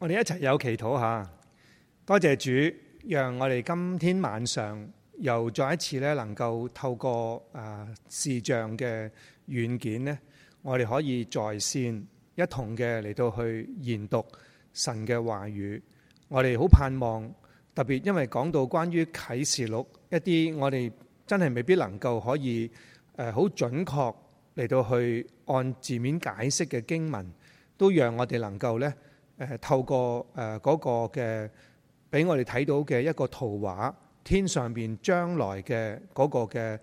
我哋一齊有祈禱吓，多謝主讓我哋今天晚上又再一次咧，能夠透過誒視像嘅軟件呢，我哋可以在線一同嘅嚟到去研讀神嘅話語。我哋好盼望，特別因為講到關於啟示錄一啲，我哋真係未必能夠可以誒好準確嚟到去按字面解釋嘅經文，都讓我哋能夠呢，誒透過誒嗰個嘅，俾我哋睇到嘅一個圖畫，天上邊將來嘅嗰個嘅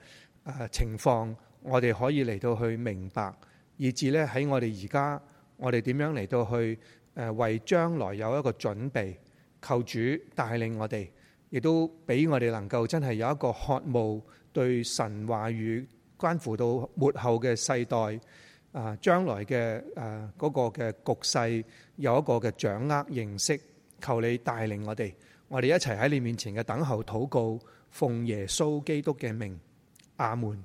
誒情況，我哋可以嚟到去明白，以至呢，喺我哋而家，我哋點樣嚟到去誒為將來有一個準備，求主帶領我哋，亦都俾我哋能夠真係有一個渴慕對神話語關乎到末後嘅世代。啊，將來嘅誒嗰個嘅局勢有一個嘅掌握認識，求你帶領我哋，我哋一齊喺你面前嘅等候禱告，奉耶穌基督嘅名，阿門。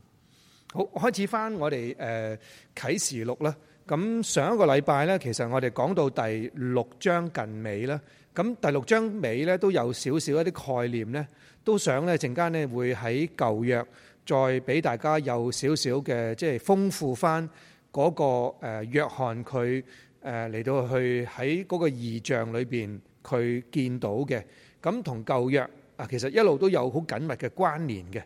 好，開始翻我哋誒啟示錄啦。咁上一個禮拜呢，其實我哋講到第六章近尾啦。咁第六章尾呢，都有少少一啲概念呢，都想呢陣間呢，會喺舊約再俾大家有少少嘅即係豐富翻。嗰個誒約翰佢誒嚟到去喺嗰個異象裏邊佢見到嘅，咁同舊約啊，其實一路都有好緊密嘅關聯嘅。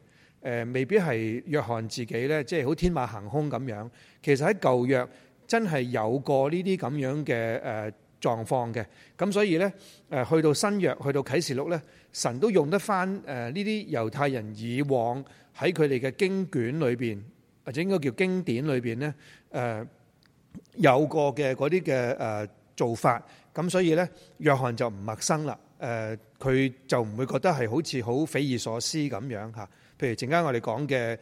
誒，未必係約翰自己咧，即係好天馬行空咁樣。其實喺舊約真係有過呢啲咁樣嘅誒狀況嘅。咁所以咧誒，去到新約，去到啟示錄咧，神都用得返誒呢啲猶太人以往喺佢哋嘅經卷裏邊。或者應該叫經典裏邊呢，誒有過嘅嗰啲嘅誒做法，咁所以呢，約翰就唔陌生啦。誒佢就唔會覺得係好似好匪夷所思咁樣嚇。譬如陣間我哋講嘅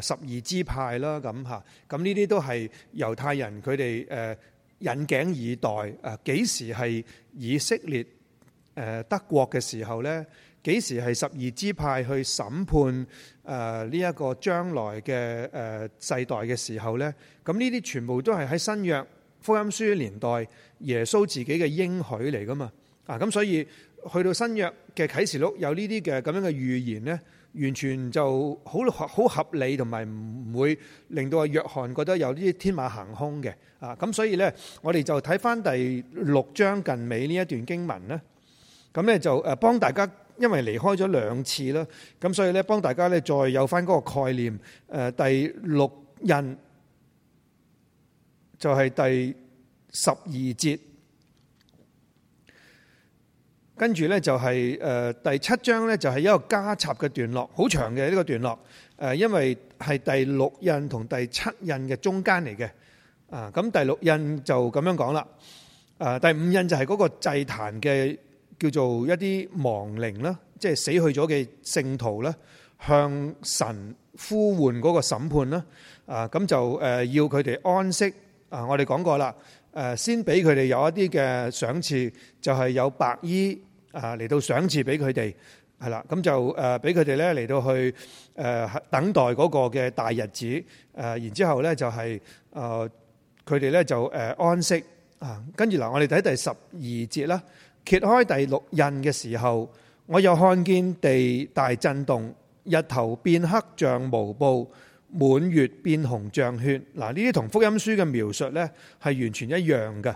誒十二支派啦，咁嚇，咁呢啲都係猶太人佢哋誒引頸以待誒幾時係以色列誒德國嘅時候呢？幾時係十二支派去審判誒呢一個將來嘅誒、呃、世代嘅時候咧？咁呢啲全部都係喺新約福音書年代耶穌自己嘅應許嚟噶嘛。啊咁，所以去到新約嘅啟示錄有呢啲嘅咁樣嘅預言咧，完全就好好合理，同埋唔會令到阿約翰覺得有啲天馬行空嘅。啊咁，所以咧，我哋就睇翻第六章近尾呢一段經文咧，咁咧就誒幫大家。因為離開咗兩次啦，咁所以咧幫大家咧再有返嗰個概念。誒，第六印就係第十二節，跟住咧就係誒第七章咧就係一個加插嘅段落，好長嘅呢個段落。誒，因為係第六印同第七印嘅中間嚟嘅。啊，咁第六印就咁樣講啦。啊，第五印就係嗰個祭壇嘅。叫做一啲亡靈啦，即係死去咗嘅聖徒啦，向神呼喚嗰個審判啦。啊，咁就誒要佢哋安息。啊，我哋講過啦，誒先俾佢哋有一啲嘅賞賜，就係有白衣啊嚟到賞賜俾佢哋，係啦。咁就誒俾佢哋咧嚟到去誒等待嗰個嘅大日子。誒然之後咧就係誒佢哋咧就誒安息啊。跟住嗱，我哋睇第十二節啦。揭開第六印嘅時候，我又看見地大震動，日頭變黑像毛布，滿月變紅像血。嗱，呢啲同福音書嘅描述呢係完全一樣嘅。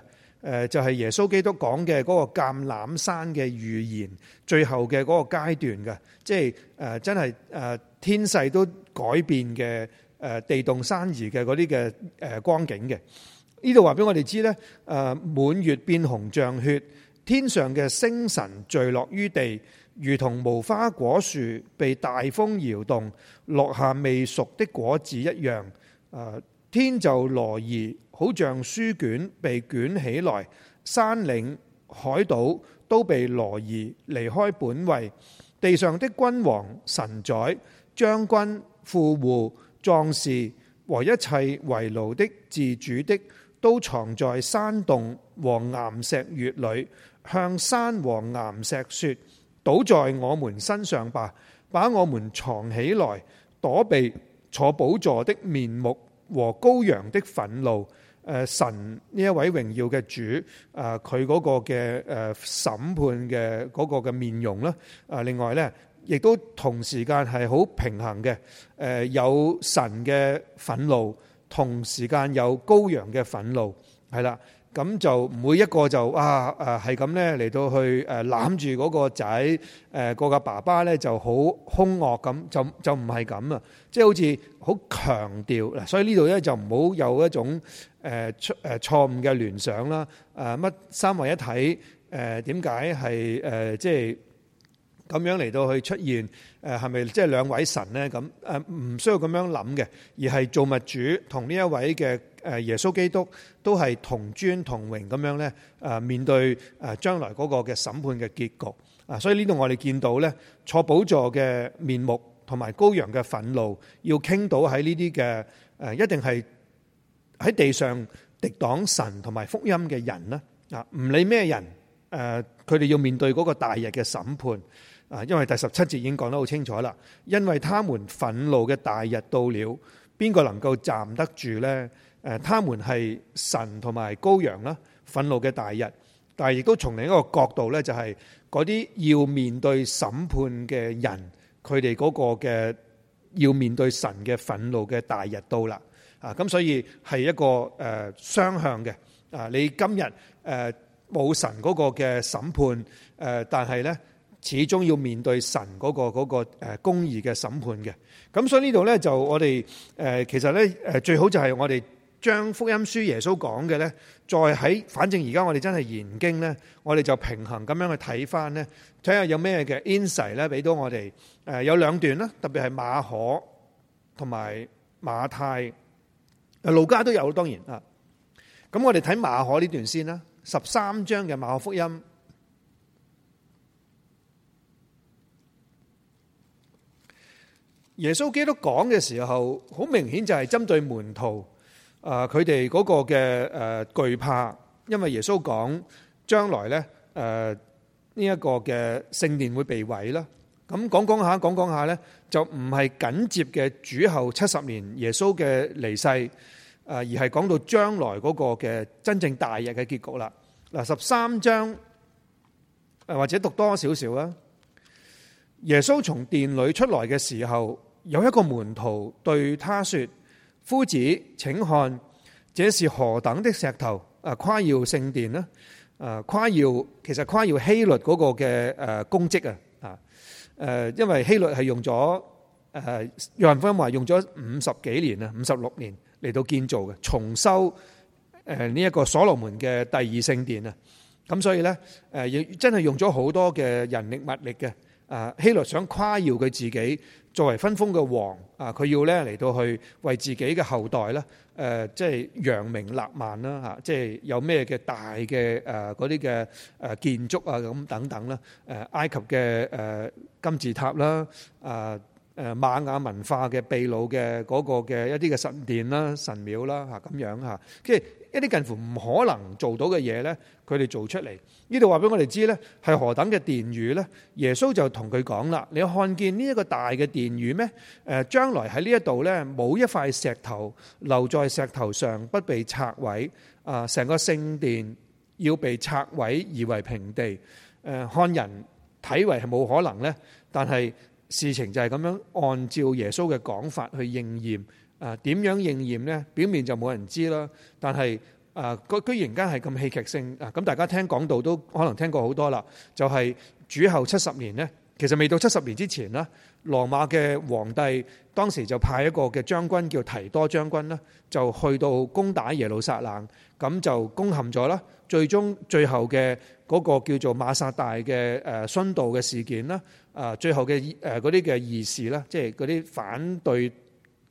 誒，就係、是、耶穌基督講嘅嗰個橄欖山嘅預言，最後嘅嗰個階段嘅，即係誒真係誒天勢都改變嘅，誒地動山移嘅嗰啲嘅誒光景嘅。呢度話俾我哋知呢，誒滿月變紅像血。天上嘅星辰墜落於地，如同無花果樹被大風搖動，落下未熟的果子一樣。呃、天就挪移，好像書卷被捲起來，山嶺海島都被挪移離開本位。地上的君王、神宰、將軍、富戶、壯士和一切為奴的、自主的，都藏在山洞和岩石穴裏。向山和岩石說：倒在我們身上吧，把我們藏起來，躲避坐寶座的面目和羔羊的憤怒。誒、呃，神呢一位榮耀嘅主，誒佢嗰個嘅誒審判嘅嗰個嘅面容啦。誒、呃，另外呢，亦都同時間係好平衡嘅。誒、呃，有神嘅憤怒，同時間有羔羊嘅憤怒，係啦。咁就唔會一個就啊誒係咁咧，嚟到去誒攬住嗰個仔，誒個個爸爸咧就好兇惡咁，就就唔係咁啊！即係好似好強調嗱，所以呢度咧就唔好有一種誒出誒錯誤嘅聯想啦。誒乜三位一體誒點解係誒即係咁樣嚟到去出現誒係咪即係兩位神咧？咁誒唔需要咁樣諗嘅，而係造物主同呢一位嘅。誒耶穌基督都係同尊同榮咁樣咧，誒面對誒將來嗰個嘅審判嘅結局啊，所以呢度我哋見到咧，坐寶座嘅面目同埋羔羊嘅憤怒，要傾倒喺呢啲嘅誒，一定係喺地上敵擋神同埋福音嘅人啦啊！唔理咩人誒，佢哋要面對嗰個大日嘅審判啊，因為第十七節已經講得好清楚啦，因為他們憤怒嘅大日到了，邊個能夠站得住咧？誒，他們係神同埋羔羊啦，憤怒嘅大日，但係亦都從另一個角度咧，就係嗰啲要面對審判嘅人，佢哋嗰個嘅要面對神嘅憤怒嘅大日到啦。啊，咁所以係一個誒雙向嘅。啊，你今日誒冇神嗰個嘅審判，誒，但係咧始終要面對神嗰個嗰個誒公義嘅審判嘅。咁所以呢度咧就我哋誒，其實咧誒最好就係我哋。將福音書耶穌講嘅咧，再喺反正而家我哋真係研經咧，我哋就平衡咁樣去睇翻咧，睇下有咩嘅 insight 咧，俾到我哋誒有兩段啦，特別係馬可同埋馬太，誒路加都有當然啊。咁我哋睇馬可呢段先啦，十三章嘅馬可福音，耶穌基督講嘅時候，好明顯就係針對門徒。啊！佢哋嗰個嘅、誒懼怕，因為耶穌講將來呢，誒呢一個嘅聖殿會被毀啦。咁講講下，講講下呢，就唔係緊接嘅主後七十年耶穌嘅離世，誒而係講到將來嗰個嘅真正大日嘅結局啦。嗱，十三章或者讀多少少啦，耶穌從殿裏出來嘅時候，有一個門徒對他說。夫子請看，這是何等的石頭啊！誇耀聖殿咧，誒誇耀其實誇耀希律嗰個嘅誒功績啊，啊誒，因為希律係用咗誒楊文輝話用咗五十幾年啊，五十六年嚟到建造嘅重修誒呢一個所羅門嘅第二聖殿啊，咁所以咧誒真係用咗好多嘅人力物力嘅。啊！希律想誇耀佢自己作為分封嘅王，他他的、呃，啊，佢要咧嚟到去為自己嘅後代咧，誒、呃，即係揚名立萬啦嚇，即係有咩嘅大嘅誒嗰啲嘅誒建築啊咁等等啦，誒、啊、埃及嘅誒、呃、金字塔啦，啊。誒瑪雅文化嘅秘魯嘅嗰個嘅一啲嘅神殿啦、神廟啦嚇咁樣嚇，即係一啲近乎唔可能做到嘅嘢咧，佢哋做出嚟，呢度話俾我哋知咧係何等嘅殿宇咧？耶穌就同佢講啦，你看見呢一個大嘅殿宇咩？誒，將來喺呢一度咧，冇一塊石頭留在石頭上不被拆毀啊！成個聖殿要被拆毀而為平地誒，看人睇為係冇可能咧，但係。事情就係咁樣，按照耶穌嘅講法去應驗。啊，點樣應驗呢？表面就冇人知啦。但係，啊，佢居然間係咁戲劇性啊！咁大家聽講道都可能聽過好多啦。就係主後七十年呢，其實未到七十年之前啦。羅馬嘅皇帝當時就派一個嘅將軍叫提多將軍啦，就去到攻打耶路撒冷，咁就攻陷咗啦。最終最後嘅嗰個叫做馬撒大嘅誒殉道嘅事件啦，啊最後嘅誒嗰啲嘅異事啦，即係嗰啲反對。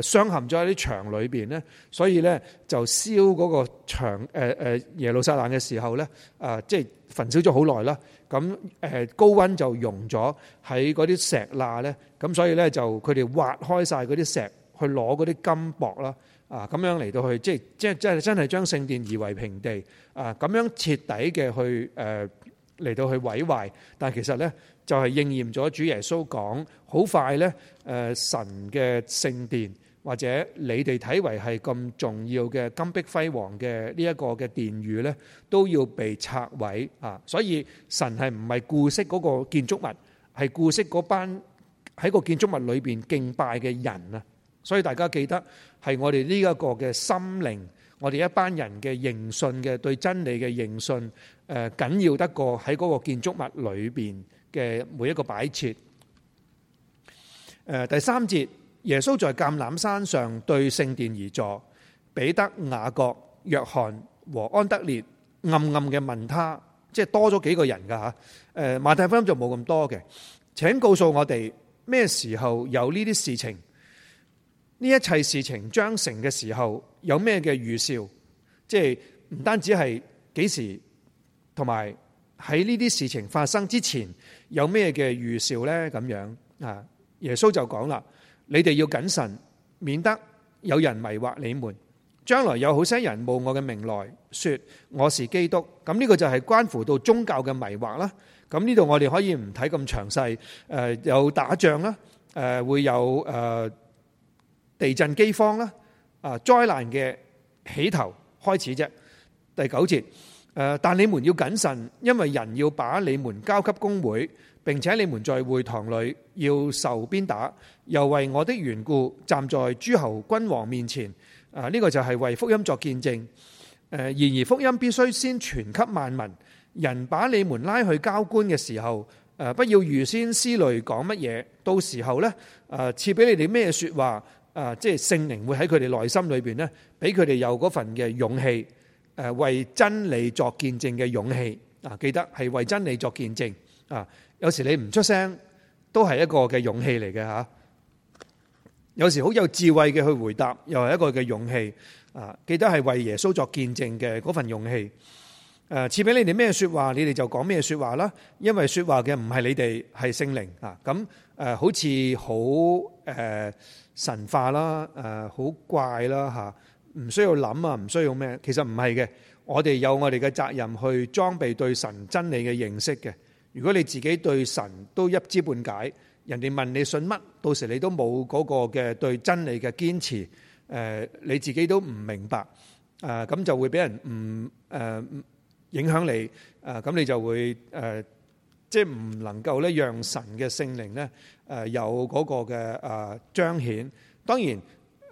誒鑲嵌咗喺啲牆裏邊咧，所以咧就燒嗰個牆誒誒耶路撒冷嘅時候咧，啊即係焚燒咗好耐啦。咁誒高溫就溶咗喺嗰啲石罅咧，咁所以咧就佢哋挖開晒嗰啲石去攞嗰啲金箔啦。啊，咁樣嚟到去即係即係即係真係將聖殿夷為平地啊！咁樣徹底嘅去誒嚟到去毀壞，但係其實咧。就係應驗咗主耶穌講，好快咧，誒神嘅聖殿或者你哋睇為係咁重要嘅金碧輝煌嘅呢一個嘅殿宇咧，都要被拆毀啊！所以神係唔係顧惜嗰個建築物，係顧惜嗰班喺個建築物裏邊敬拜嘅人啊！所以大家記得係我哋呢一個嘅心靈，我哋一班人嘅認信嘅對真理嘅認信，誒緊要得過喺嗰個建築物裏邊，嘅每一個擺設，呃，第三節，耶穌在橄欖山上對聖殿而坐，彼得、雅各、約翰和安德烈暗暗嘅問他，即係多咗幾個人噶嚇，誒、呃、馬太福音就冇咁多嘅。請告訴我哋咩時候有呢啲事情？呢一切事情將成嘅時候，有咩嘅預兆？即係唔單止係幾時，同埋，喺呢啲事情發生之前，有咩嘅預兆呢？咁樣啊，耶穌就講啦：你哋要謹慎，免得有人迷惑你們。將來有好些人冒我嘅名來，說我是基督。咁呢個就係關乎到宗教嘅迷惑啦。咁呢度我哋可以唔睇咁詳細。誒，有打仗啦，誒，會有誒地震、饑荒啦，啊，災難嘅起頭開始啫。第九節。但你們要謹慎，因為人要把你們交給公會，並且你們在會堂裏要受鞭打，又為我的緣故站在諸侯君王面前。啊，呢個就係為福音作見證。然而，而福音必須先傳給萬民。人把你們拉去交官嘅時候，不要預先思慮講乜嘢。到時候呢，誒，賜俾你哋咩説話？即係聖靈會喺佢哋內心裏面咧，俾佢哋有嗰份嘅勇氣。誒，為真理作見證嘅勇氣啊！記得係為真理作見證啊！有時你唔出聲都係一個嘅勇氣嚟嘅吓，有時好有智慧嘅去回答，又係一個嘅勇氣啊！記得係為耶穌作見證嘅嗰份勇氣。誒、啊，賜俾你哋咩說話，你哋就講咩說話啦。因為說話嘅唔係你哋，係聖靈啊。咁、啊、誒，好似好誒神化啦，誒、啊、好怪啦吓。啊唔需要諗啊，唔需要咩？其實唔係嘅，我哋有我哋嘅責任去裝備對神真理嘅認識嘅。如果你自己對神都一知半解，人哋問你信乜，到時你都冇嗰個嘅對真理嘅堅持。誒，你自己都唔明白，誒咁就會俾人唔誒影響你。誒咁你就會誒，即係唔能夠咧讓神嘅聖靈咧誒有嗰個嘅誒彰顯。當然，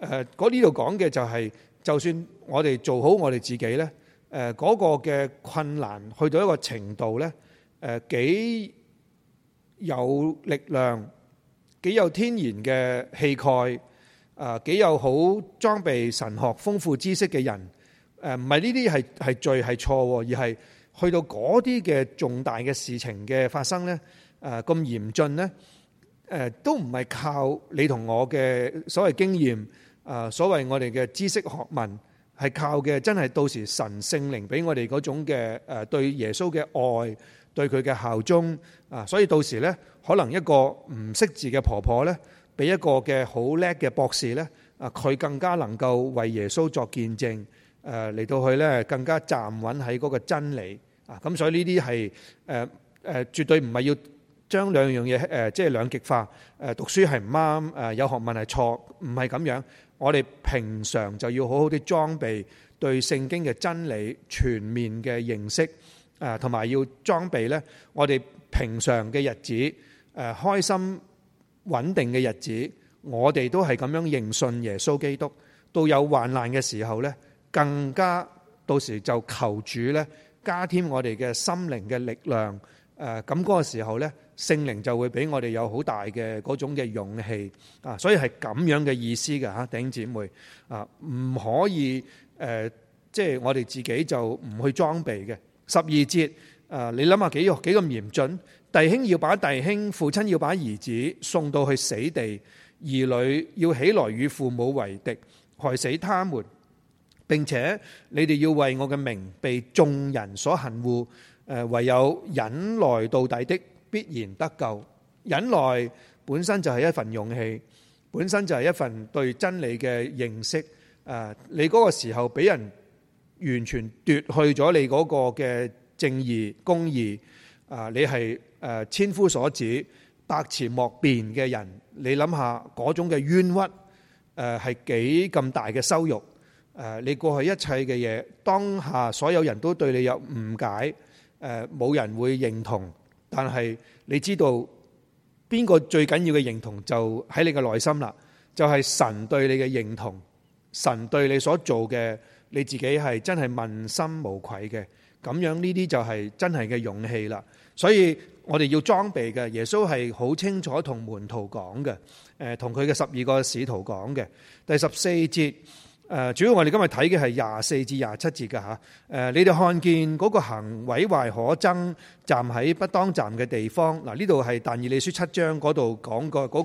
誒嗰呢度講嘅就係。就算我哋做好我哋自己呢，誒嗰個嘅困難去到一個程度呢，誒幾有力量、幾有天然嘅氣概，啊幾有好裝備神學豐富知識嘅人，誒唔係呢啲係係罪係錯，而係去到嗰啲嘅重大嘅事情嘅發生呢，誒咁嚴峻呢，誒都唔係靠你同我嘅所謂經驗。啊，所謂我哋嘅知識學問係靠嘅，真係到時神聖靈俾我哋嗰種嘅誒對耶穌嘅愛，對佢嘅效忠啊，所以到時呢，可能一個唔識字嘅婆婆呢，比一個嘅好叻嘅博士呢，啊，佢更加能夠為耶穌作見證，誒嚟到去呢，更加站穩喺嗰個真理啊，咁所以呢啲係誒誒絕對唔係要。將兩樣嘢，誒，即係兩極化。誒，讀書係唔啱，誒，有學問係錯，唔係咁樣。我哋平常就要好好啲裝備，對聖經嘅真理全面嘅認識。誒，同埋要裝備呢。我哋平常嘅日子，誒，開心穩定嘅日子，我哋都係咁樣認信耶穌基督。到有患難嘅時候呢，更加到時就求主呢，加添我哋嘅心靈嘅力量。誒，咁嗰個時候呢，聖靈就會俾我哋有好大嘅嗰種嘅勇氣啊！所以係咁樣嘅意思嘅嚇，弟兄姐妹啊，唔可以即係、呃就是、我哋自己就唔去裝備嘅。十二節，你諗下幾幾咁嚴峻？弟兄要把弟兄，父親要把兒子送到去死地，兒女要起來與父母為敵，害死他們。並且你哋要為我嘅名被眾人所恨惡。誒唯有忍耐到底的必然得救。忍耐本身就係一份勇氣，本身就係一份對真理嘅認識。誒，你嗰個時候俾人完全奪去咗你嗰個嘅正義公義。誒，你係誒千夫所指、百辭莫辯嘅人。你諗下嗰種嘅冤屈，誒係幾咁大嘅羞辱。誒，你過去一切嘅嘢，當下所有人都對你有誤解。誒，冇人會認同，但係你知道邊個最緊要嘅認同就喺你嘅內心啦，就係、是、神對你嘅認同，神對你所做嘅，你自己係真係問心無愧嘅，咁樣呢啲就係真係嘅勇氣啦。所以我哋要裝備嘅，耶穌係好清楚同門徒講嘅，誒，同佢嘅十二個使徒講嘅，第十四節。誒，主要我哋今日睇嘅係廿四至廿七節㗎吓。誒，你哋看見嗰個行毀壞可憎，站喺不當站嘅地方。嗱，呢度係但以理書七章嗰度講過嗰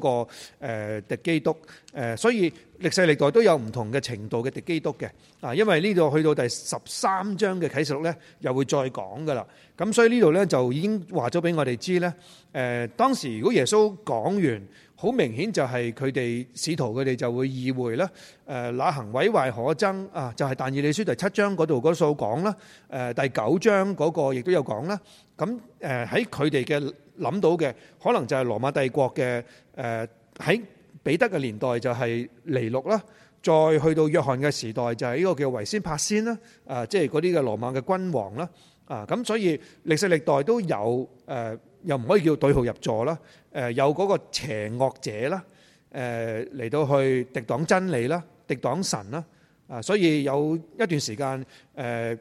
個誒敵基督。誒，所以歷世歷代都有唔同嘅程度嘅敵基督嘅。啊，因為呢度去到第十三章嘅啟示錄咧，又會再講㗎啦。咁所以呢度咧就已經話咗俾我哋知咧。誒，當時如果耶穌講完。好明顯就係佢哋使徒佢哋就會議會咧，誒哪行毀壞可憎啊！就係但以理書第七章嗰度嗰數講啦，誒第九章嗰個亦都有講啦。咁誒喺佢哋嘅諗到嘅，可能就係羅馬帝國嘅誒喺彼得嘅年代就係尼祿啦，再去到約翰嘅時代就係呢個叫維斯帕先啦，啊即係嗰啲嘅羅馬嘅君王啦，啊咁所以歷世歷代都有誒。又唔可以叫對號入座啦，誒、呃、有嗰個邪惡者啦，誒、呃、嚟到去敵擋真理啦，敵擋神啦，啊、呃，所以有一段時間誒、呃、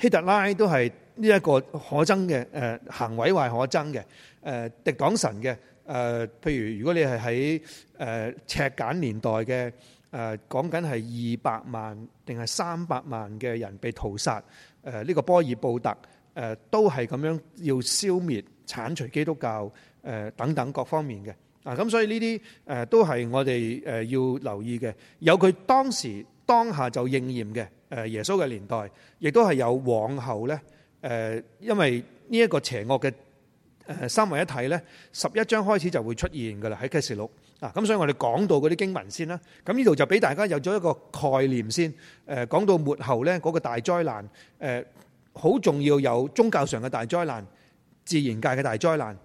希特拉都係呢一個可憎嘅誒、呃、行為或可憎嘅誒、呃、敵擋神嘅誒、呃，譬如如果你係喺誒赤簡年代嘅誒，講緊係二百萬定係三百萬嘅人被屠殺，誒、呃、呢、這個波爾布特。誒都係咁樣要消滅、剷除基督教誒等等各方面嘅啊！咁所以呢啲誒都係我哋誒要留意嘅。有佢當時當下就應驗嘅誒耶穌嘅年代，亦都係有往後咧誒，因為呢一個邪惡嘅誒三位一體咧，十一章開始就會出現㗎啦，喺《啟示錄》啊！咁所以我哋講到嗰啲經文先啦。咁呢度就俾大家有咗一個概念先。誒講到末後咧嗰個大災難誒。好重要有宗教上嘅大災難、自然界嘅大災難，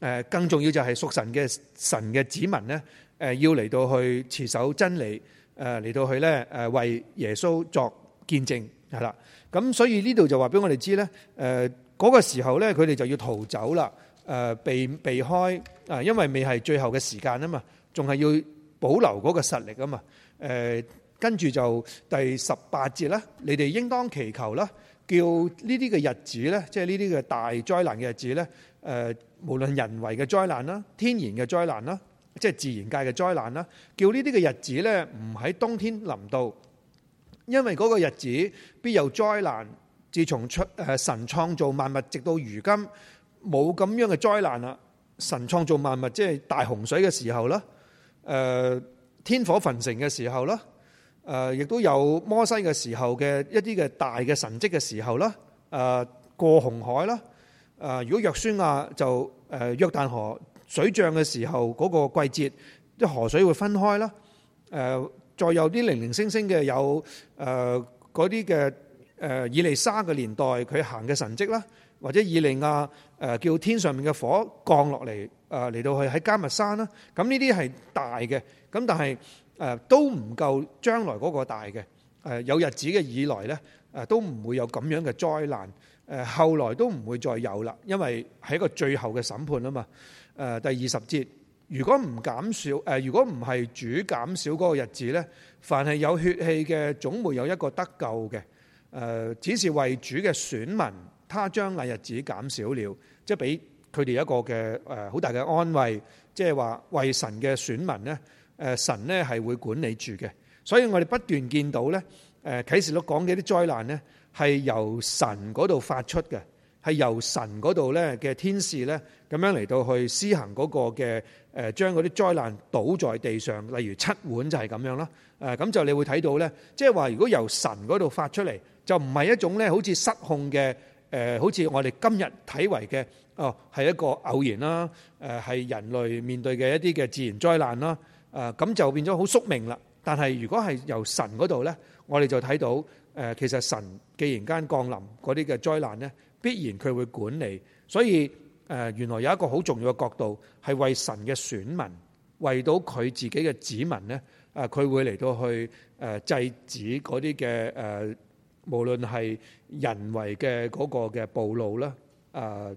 誒，更重要就係屬神嘅神嘅子民呢，誒，要嚟到去持守真理，誒，嚟到去呢，誒，為耶穌作見證，係啦。咁所以呢度就話俾我哋知呢，誒，嗰個時候呢，佢哋就要逃走啦，誒，避避開，啊，因為未係最後嘅時間啊嘛，仲係要保留嗰個實力啊嘛，誒，跟住就第十八節啦，你哋應當祈求啦。叫呢啲嘅日子呢，即係呢啲嘅大災難嘅日子呢，誒、呃、無論人為嘅災難啦，天然嘅災難啦，即係自然界嘅災難啦。叫呢啲嘅日子呢唔喺冬天臨到，因為嗰個日子必有災難，自從出誒神創造，造萬物，直到如今冇咁樣嘅災難啦。神創造萬物，即係大洪水嘅時候啦，誒、呃、天火焚城嘅時候啦。誒，亦都有摩西嘅時候嘅一啲嘅大嘅神蹟嘅時候啦，誒過紅海啦，誒如果約書亞就誒約旦河水漲嘅時候嗰個季節，即河水會分開啦，誒再有啲零零星星嘅有誒嗰啲嘅誒以利沙嘅年代佢行嘅神蹟啦，或者以利亞誒叫天上面嘅火降落嚟誒嚟到去喺迦密山啦，咁呢啲係大嘅，咁但係，都唔夠將來嗰個大嘅誒有日子嘅以來呢，誒都唔會有咁樣嘅災難。誒後來都唔會再有啦，因為係一個最後嘅審判啊嘛。誒第二十節，如果唔減少誒，如果唔係主減少嗰個日子呢，凡係有血氣嘅總會有一個得救嘅。誒、呃、只是為主嘅選民，他將那日子減少了，即係俾佢哋一個嘅誒好大嘅安慰，即係話為神嘅選民呢。」誒神咧係會管理住嘅，所以我哋不斷見到咧，誒啟示錄講嘅啲災難咧係由神嗰度發出嘅，係由神嗰度咧嘅天使咧咁樣嚟到去施行嗰個嘅誒，將嗰啲災難倒在地上，例如七碗就係咁樣啦。誒咁就你會睇到咧，即係話如果由神嗰度發出嚟，就唔係一種咧好似失控嘅，誒好似我哋今日睇為嘅，哦係一個偶然啦，誒係人類面對嘅一啲嘅自然災難啦。誒咁就變咗好宿命啦。但係如果係由神嗰度呢，我哋就睇到誒其實神既然間降臨嗰啲嘅災難呢，必然佢會管理。所以誒原來有一個好重要嘅角度係為神嘅選民，為到佢自己嘅子民呢，誒佢會嚟到去誒制止嗰啲嘅誒，無論係人為嘅嗰個嘅暴露啦、誒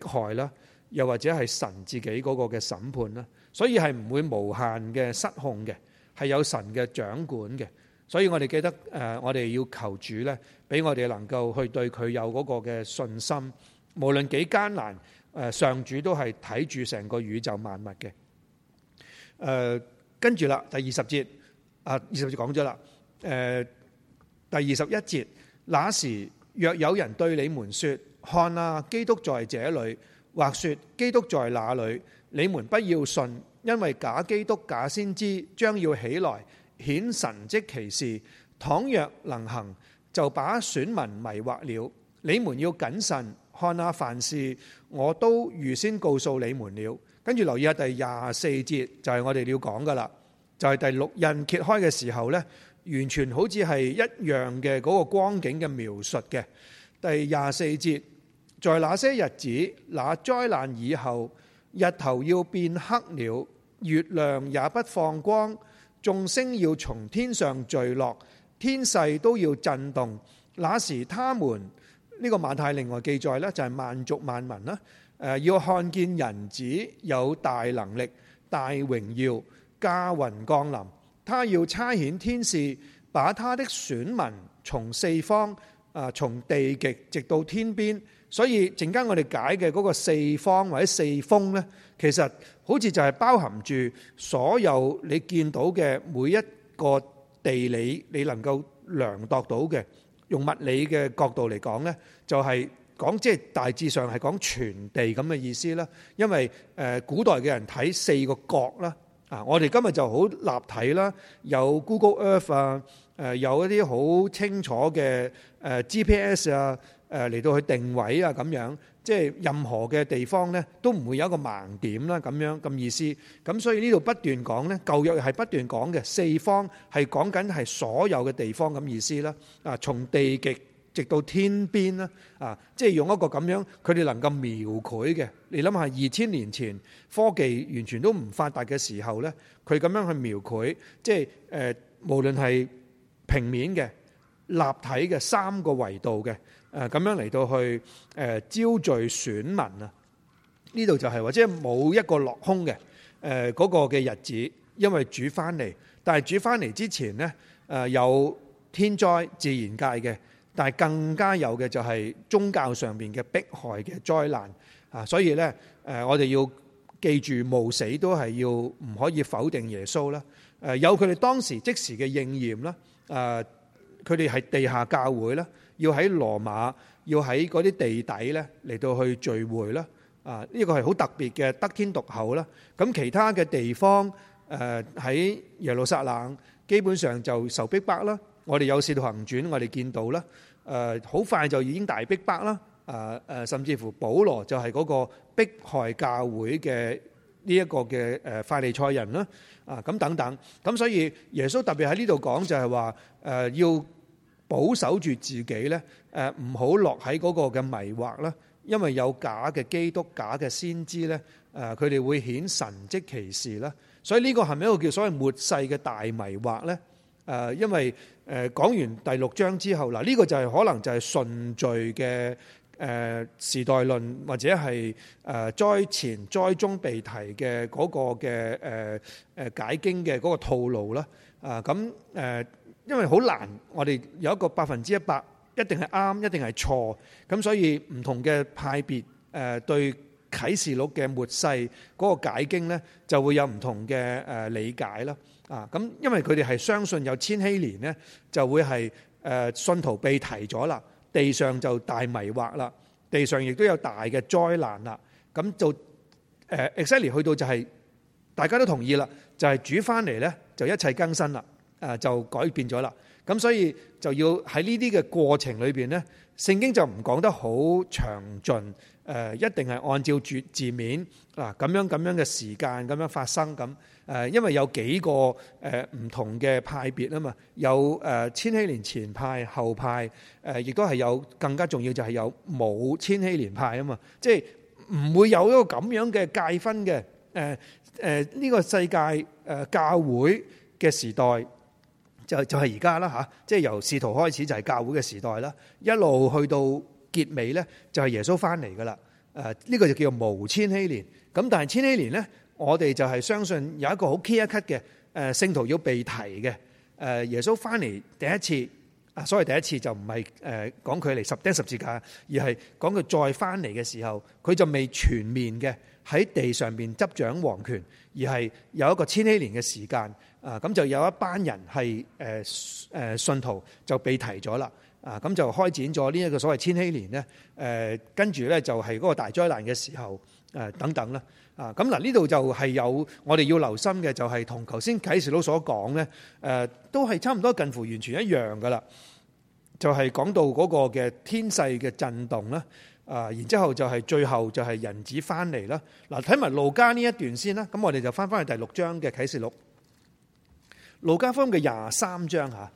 迫害啦，又或者係神自己嗰個嘅審判啦。所以係唔會無限嘅失控嘅，係有神嘅掌管嘅。所以我哋記得誒，我哋要求主咧，俾我哋能夠去對佢有嗰個嘅信心。無論幾艱難，誒上主都係睇住成個宇宙萬物嘅。誒、呃，跟住啦，第二十節，啊，二十節講咗啦。誒、呃，第二十一節，那時若有人對你們說：看啊，基督在這裏，或說基督在那裏？你們不要信，因為假基督、假先知將要起來顯神蹟奇事。倘若能行，就把選民迷惑了。你們要謹慎，看哪，凡事我都預先告訴你們了。跟住留意下第廿四節，就係、是、我哋要講嘅啦。就係、是、第六印揭開嘅時候呢，完全好似係一樣嘅嗰個光景嘅描述嘅。第廿四節，在那些日子，那災難以後。日頭要變黑了，月亮也不放光，眾星要從天上墜落，天勢都要震動。那時他們呢、這個《馬太》另外記載呢，就係、是、萬族萬民啦。要看見人子有大能力、大榮耀、駕雲降臨。他要差遣天使，把他的選民從四方，從地極直到天邊。所以陣間我哋解嘅嗰個四方或者四風呢，其實好似就係包含住所有你見到嘅每一個地理，你能夠量度到嘅，用物理嘅角度嚟講呢，就係講即係大致上係講全地咁嘅意思啦。因為誒古代嘅人睇四個角啦，啊，我哋今日就好立體啦，有 Google Earth 啊，誒有一啲好清楚嘅誒 GPS 啊。誒嚟到去定位啊咁樣，即係任何嘅地方呢，都唔會有一個盲點啦。咁樣咁意思，咁所以呢度不斷講呢，舊約係不斷講嘅四方，係講緊係所有嘅地方咁意思啦。啊，從地極直到天邊啦。啊，即係用一個咁樣，佢哋能夠描繪嘅。你諗下，二千年前科技完全都唔發達嘅時候呢，佢咁樣去描繪，即係誒、呃，無論係平面嘅、立體嘅、三個維度嘅。誒咁樣嚟到去誒招聚選民啊！呢度就係、是、或者冇一個落空嘅誒嗰個嘅日子，因為主翻嚟，但係主翻嚟之前呢，誒、呃、有天災自然界嘅，但係更加有嘅就係宗教上面嘅迫害嘅災難啊！所以呢，呃、我哋要記住，冇死都係要唔可以否定耶穌啦。誒、啊、有佢哋當時即時嘅應驗啦，誒佢哋係地下教會啦。要喺羅馬，要喺嗰啲地底咧嚟到去聚會啦，啊呢個係好特別嘅，得天獨厚啦。咁其他嘅地方，誒喺耶路撒冷基本上就受逼迫啦。我哋有《使徒行傳》，我哋見到啦，誒好快就已經大逼迫啦。誒誒，甚至乎保羅就係嗰個迫害教會嘅呢一個嘅誒法利賽人啦。啊咁等等，咁所以耶穌特別喺呢度講就係話誒要。保守住自己咧，誒唔好落喺嗰個嘅迷惑啦，因為有假嘅基督、假嘅先知咧，誒佢哋會顯神蹟奇事啦，所以呢個係咪一個叫所謂末世嘅大迷惑咧？誒，因為誒講完第六章之後，嗱呢個就係可能就係順序嘅誒時代論，或者係誒災前、災中被提嘅嗰個嘅誒誒解經嘅嗰個套路啦。啊，咁誒。因為好難，我哋有一個百分之一百一定係啱，一定係錯，咁所以唔同嘅派別誒對啟示錄嘅末世嗰個解經呢，就會有唔同嘅誒理解啦。啊，咁因為佢哋係相信有千禧年呢，就會係誒信徒被提咗啦，地上就大迷惑啦，地上亦都有大嘅災難啦，咁就 exactly 去到就係大家都同意啦，就係主翻嚟呢，就一切更新啦。誒就改變咗啦，咁所以就要喺呢啲嘅過程裏邊呢，聖經就唔講得好詳盡，誒一定係按照字字面啊咁樣咁樣嘅時間咁樣發生咁誒，因為有幾個誒唔同嘅派別啊嘛，有誒千禧年前派、後派，誒亦都係有更加重要就係有冇千禧年派啊嘛，即係唔會有一個咁樣嘅界分嘅誒誒呢個世界誒教會嘅時代。就就係而家啦嚇，即係由使徒開始就係、是、教會嘅時代啦，一路去到結尾咧，就係、是、耶穌翻嚟噶啦。誒、這、呢個就叫做無千禧年。咁但係千禧年咧，我哋就係相信有一個好 key 一級嘅誒聖徒要被提嘅。誒耶穌翻嚟第一次啊，所謂第一次就唔係誒講佢嚟十釘十字架，而係講佢再翻嚟嘅時候，佢就未全面嘅喺地上邊執掌皇權，而係有一個千禧年嘅時間。啊，咁就有一班人係誒誒信徒就被提咗啦，啊，咁就開展咗呢一個所謂千禧年呢，誒跟住咧就係嗰個大災難嘅時候，誒、啊、等等啦，啊，咁嗱呢度就係有我哋要留心嘅，就係同頭先啟示錄所講咧，誒、啊、都係差唔多近乎完全一樣噶啦，就係、是、講到嗰個嘅天勢嘅震動啦，啊，然之後就係最後就係人子翻嚟啦，嗱睇埋路加呢一段先啦，咁我哋就翻翻去第六章嘅啟示錄。路加福音嘅廿三章嚇，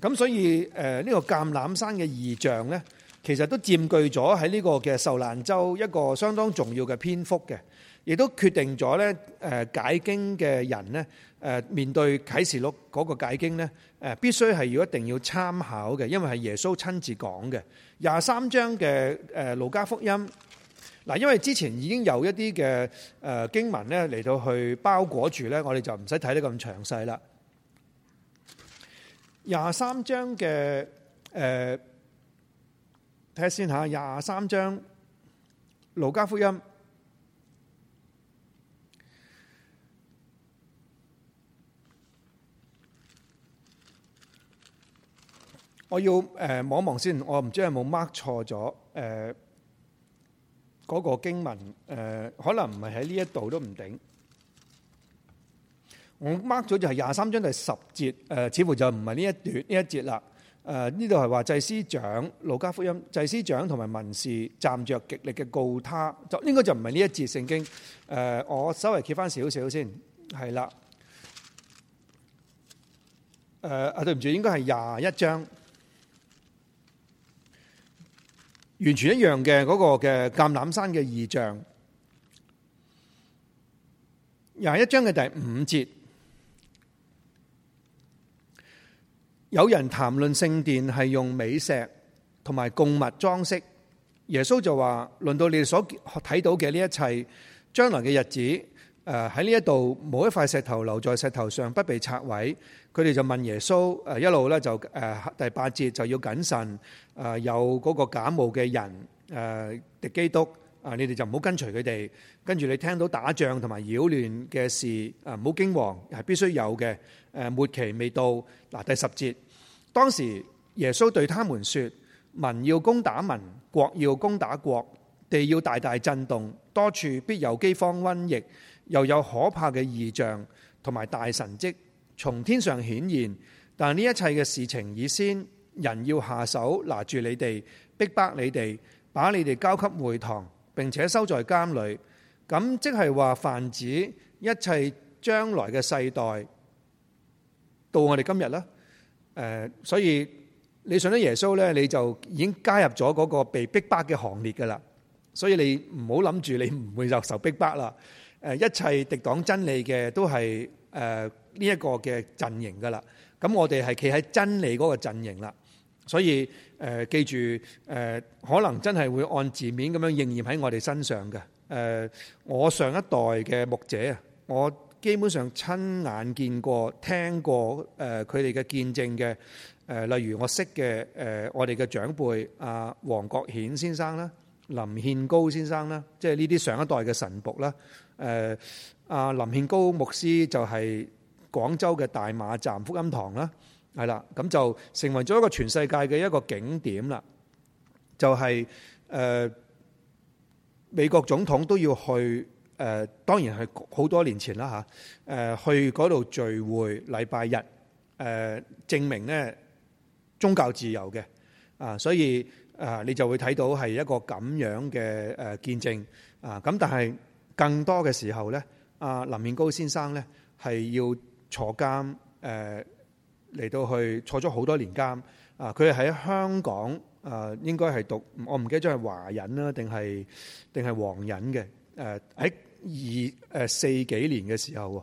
咁所以誒呢個橄欖山嘅異象咧，其實都佔據咗喺呢個嘅受難週一個相當重要嘅篇幅嘅，亦都決定咗咧誒解經嘅人咧誒面對啟示錄嗰個解經咧誒必須係要一定要參考嘅，因為係耶穌親自講嘅廿三章嘅誒路加福音。嗱，因為之前已經有一啲嘅誒經文咧嚟到去包裹住咧，我哋就唔使睇得咁詳細啦。廿、呃、三章嘅誒睇下先嚇，廿三章路加福音，我要誒望一望先，我唔知有冇 mark 錯咗誒。呃嗰個經文，誒、呃、可能唔係喺呢一度都唔頂。我 mark 咗就係廿三章第十節，誒、呃、似乎就唔係呢一段呢一節啦。誒呢度係話祭司長路加福音，祭司長同埋文士站着極力嘅告他，就應該就唔係呢一節聖經。誒、呃、我稍微揭翻少少先，係啦。誒、呃、啊對唔住，應該係廿一章。完全一樣嘅嗰個嘅橄欖山嘅異象，廿一章嘅第五節，有人談論聖殿係用美石同埋供物裝飾，耶穌就話：論到你哋所睇到嘅呢一切，將來嘅日子。誒，喺呢一度冇一塊石頭留在石頭上，不被拆毀。佢哋就問耶穌，誒一路咧就，誒第八節就要謹慎，誒有嗰個假冒嘅人，誒敵基督啊，你哋就唔好跟隨佢哋。跟住你聽到打仗同埋擾亂嘅事啊，唔好驚惶，係必須有嘅，誒末期未到。嗱，第十節，當時耶穌對他們説：民要攻打民，國要攻打國，地要大大震動，多處必有饑荒瘟疫。又有可怕嘅異象同埋大神蹟從天上顯現，但呢一切嘅事情以先，人要下手拿住你哋，逼迫你哋，把你哋交給會堂，並且收在監裏。咁即係話泛指一切將來嘅世代到我哋今日啦。誒，所以你信咗耶穌呢，你就已經加入咗嗰個被逼迫嘅行列噶啦。所以你唔好諗住你唔會就受逼迫啦。誒一切敵擋真理嘅都係誒呢一個嘅陣營㗎啦。咁我哋係企喺真理嗰個陣營啦，所以誒、呃、記住誒、呃，可能真係會按字面咁樣應驗喺我哋身上嘅誒、呃。我上一代嘅牧者啊，我基本上親眼見過、聽過誒佢哋嘅見證嘅誒、呃，例如我識嘅誒、呃，我哋嘅長輩阿黃國顯先生啦、林獻高先生啦，即係呢啲上一代嘅神僕啦。誒阿林獻高牧師就係廣州嘅大馬站福音堂啦，係啦，咁就成為咗一個全世界嘅一個景點啦。就係、是、誒、呃、美國總統都要去誒、呃，當然係好多年前啦吓，誒、啊、去嗰度聚會禮拜日，誒、啊、證明呢宗教自由嘅啊，所以啊你就會睇到係一個咁樣嘅誒見證啊，咁但係。更多嘅時候咧，阿林燕高先生咧係要坐監，誒、呃、嚟到去坐咗好多年監啊！佢係喺香港，誒、呃、應該係讀我唔記得咗係華人啦，定係定係黃人嘅誒？喺、呃、二誒、呃、四幾年嘅時候喎，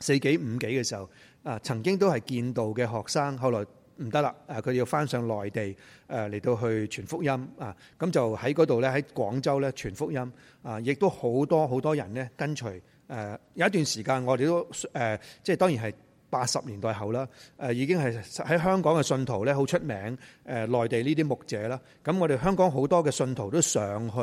四幾五幾嘅時候啊、呃，曾經都係見到嘅學生，後來。唔得啦！誒，佢要翻上內地誒，嚟到去傳福音啊！咁就喺嗰度咧，喺廣州咧傳福音啊！亦都好多好多人咧跟隨誒，有一段時間我哋都誒、呃，即係當然係。八十年代後啦，誒已經係喺香港嘅信徒咧好出名，誒內地呢啲牧者啦，咁我哋香港好多嘅信徒都上去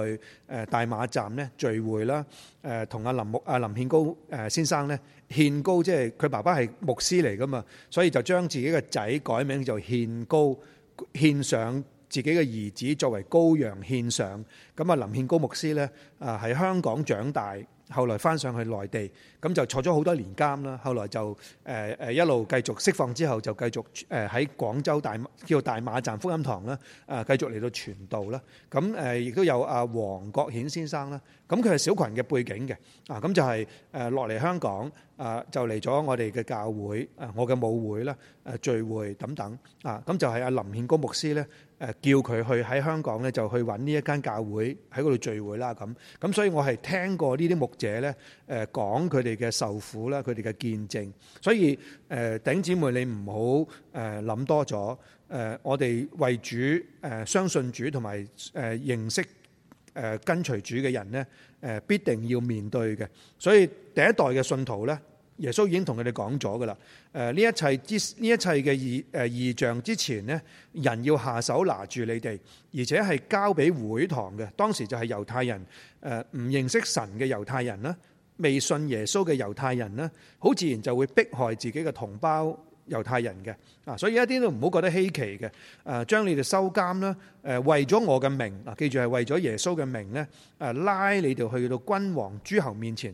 誒大馬站咧聚會啦，誒同阿林牧阿林獻高誒先生咧，獻高即係佢爸爸係牧師嚟噶嘛，所以就將自己嘅仔改名叫獻高，獻上自己嘅兒子作為羔羊獻上，咁啊林獻高牧師咧啊喺香港長大。後來翻上去內地，咁就坐咗好多年監啦。後來就誒誒一路繼續釋放之後，就繼續誒喺廣州大叫大馬站福音堂啦，啊繼續嚟到傳道啦。咁誒亦都有阿黃國顯先生啦。咁佢係小群嘅背景嘅，啊咁就係誒落嚟香港。啊，就嚟咗我哋嘅教會，啊，我嘅母會啦，誒，聚會等等，啊，咁就係、是、阿林獻羔牧師咧，誒，叫佢去喺香港咧，就去搵呢一間教會喺嗰度聚會啦，咁、啊，咁、啊、所以我係聽過呢啲牧者咧，誒、啊，講佢哋嘅受苦啦，佢哋嘅見證，所以，誒、啊，頂姊妹你唔好，誒、啊，諗多咗，誒、啊，我哋為主，誒、啊，相信主同埋，誒、啊，認識，誒、啊，跟隨主嘅人咧，誒、啊，必定要面對嘅，所以第一代嘅信徒咧。耶穌已經同佢哋講咗噶啦，誒，呢一切之呢一切嘅異誒異象之前呢，人要下手拿住你哋，而且係交俾會堂嘅。當時就係猶太人誒唔、呃、認識神嘅猶太人啦，未信耶穌嘅猶太人啦，好自然就會迫害自己嘅同胞猶太人嘅啊，所以一啲都唔好覺得稀奇嘅。誒、呃、將你哋收監啦，誒、呃、為咗我嘅名啊，記住係為咗耶穌嘅名咧，誒、呃、拉你哋去到君王諸侯面前。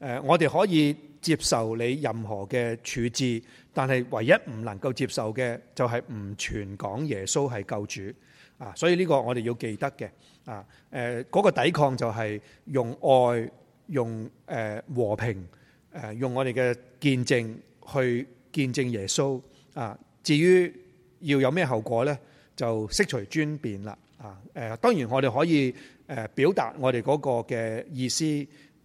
誒，我哋可以接受你任何嘅處置，但係唯一唔能夠接受嘅就係唔傳講耶穌係救主啊！所以呢個我哋要記得嘅啊，誒、呃、嗰、那個抵抗就係用愛、用誒、呃、和平、誒、呃、用我哋嘅見證去見證耶穌啊、呃。至於要有咩後果呢？就悉隨尊便啦啊！誒、呃，當然我哋可以誒、呃、表達我哋嗰個嘅意思。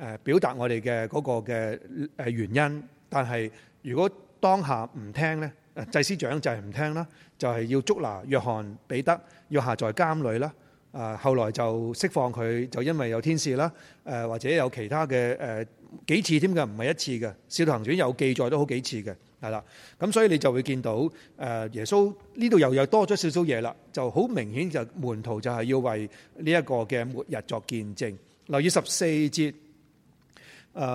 誒表達我哋嘅嗰個嘅誒原因，但係如果當下唔聽咧，誒祭司長就係唔聽啦，就係要捉拿約翰彼得，約翰在監裏啦。啊，後來就釋放佢，就因為有天使啦，誒或者有其他嘅誒幾次添㗎，唔係一次嘅。《使徒行傳》有記載都好幾次嘅，係啦。咁所以你就會見到誒耶穌呢度又有多咗少少嘢啦，就好明顯就門徒就係要為呢一個嘅末日作見證。留意十四節。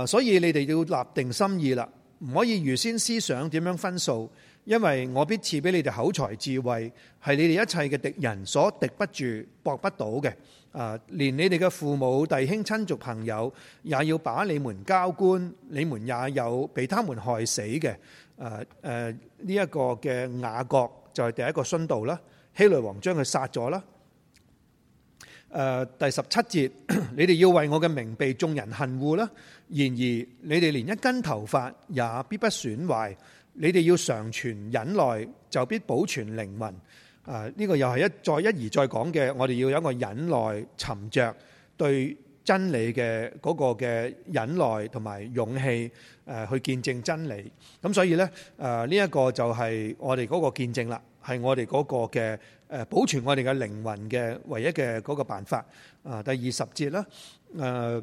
所以你哋要立定心意啦，唔可以預先思想點樣分數，因為我必賜俾你哋口才智慧，係你哋一切嘅敵人所敵不住、駁不倒嘅。誒，連你哋嘅父母、弟兄、親族、朋友，也要把你們交官，你們也有被他們害死嘅。誒、呃、誒，呢、這、一個嘅雅各就係第一個殉道啦，希律王將佢殺咗啦。誒、呃、第十七節，你哋要為我嘅名被眾人恨惡啦。然而你哋連一根頭髮也必不損壞。你哋要常存忍耐，就必保存靈魂。誒、呃、呢、呢個又係一再一而再講嘅，我哋要有一個忍耐、沉着，對真理嘅嗰個嘅忍耐同埋勇氣，誒、呃、去見證真理。咁、呃、所以呢，誒呢一個就係我哋嗰個見證啦。係我哋嗰個嘅誒、呃，保存我哋嘅靈魂嘅唯一嘅嗰個辦法啊！第二十節啦，誒、呃，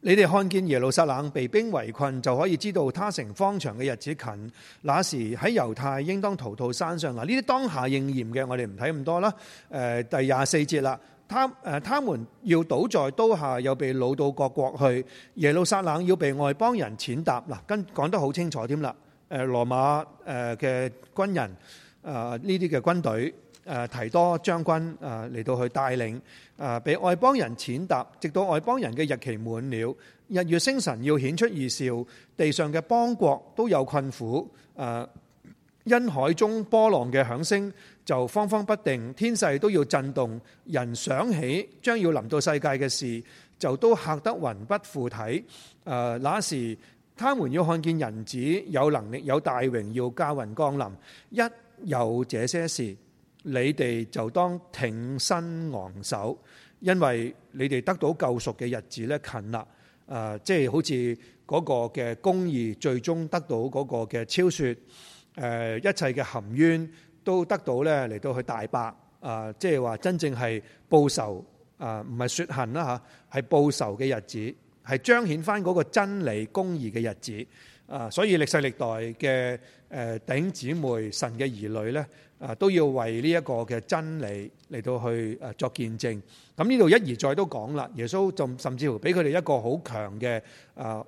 你哋看見耶路撒冷被兵圍困，就可以知道他成荒場嘅日子近。那時喺猶太，應當逃到山上嗱。呢、啊、啲當下應驗嘅，我哋唔睇咁多啦。誒，第廿四節啦，他誒、呃，他們要倒在刀下，又被擄到各國去。耶路撒冷要被外邦人踐踏嗱、啊，跟講得好清楚添啦。誒羅馬誒嘅軍人啊，呢啲嘅軍隊、呃、提多將軍啊嚟、呃、到去帶領誒，俾、呃、外邦人踐踏，直到外邦人嘅日期滿了，日月星辰要顯出異兆，地上嘅邦國都有困苦恩、呃、因海中波浪嘅響聲就慌慌不定，天勢都要震動，人想起將要臨到世界嘅事，就都嚇得魂不附體誒、呃，那時。他們要看見人子有能力有大榮耀駕雲降臨，一有這些事，你哋就當挺身昂首，因為你哋得到救贖嘅日子咧近啦。誒、呃，即、就、係、是、好似嗰個嘅公義最終得到嗰個嘅昭雪，誒、呃、一切嘅含冤都得到咧嚟到去大白。誒、呃，即係話真正係報仇，誒唔係雪恨啦嚇，係報仇嘅日子。係彰顯翻嗰個真理公義嘅日子啊！所以歷世歷代嘅誒弟兄姊妹、神嘅兒女咧啊，都要為呢一個嘅真理嚟到去誒作見證。咁呢度一而再都講啦，耶穌仲甚至乎俾佢哋一個好強嘅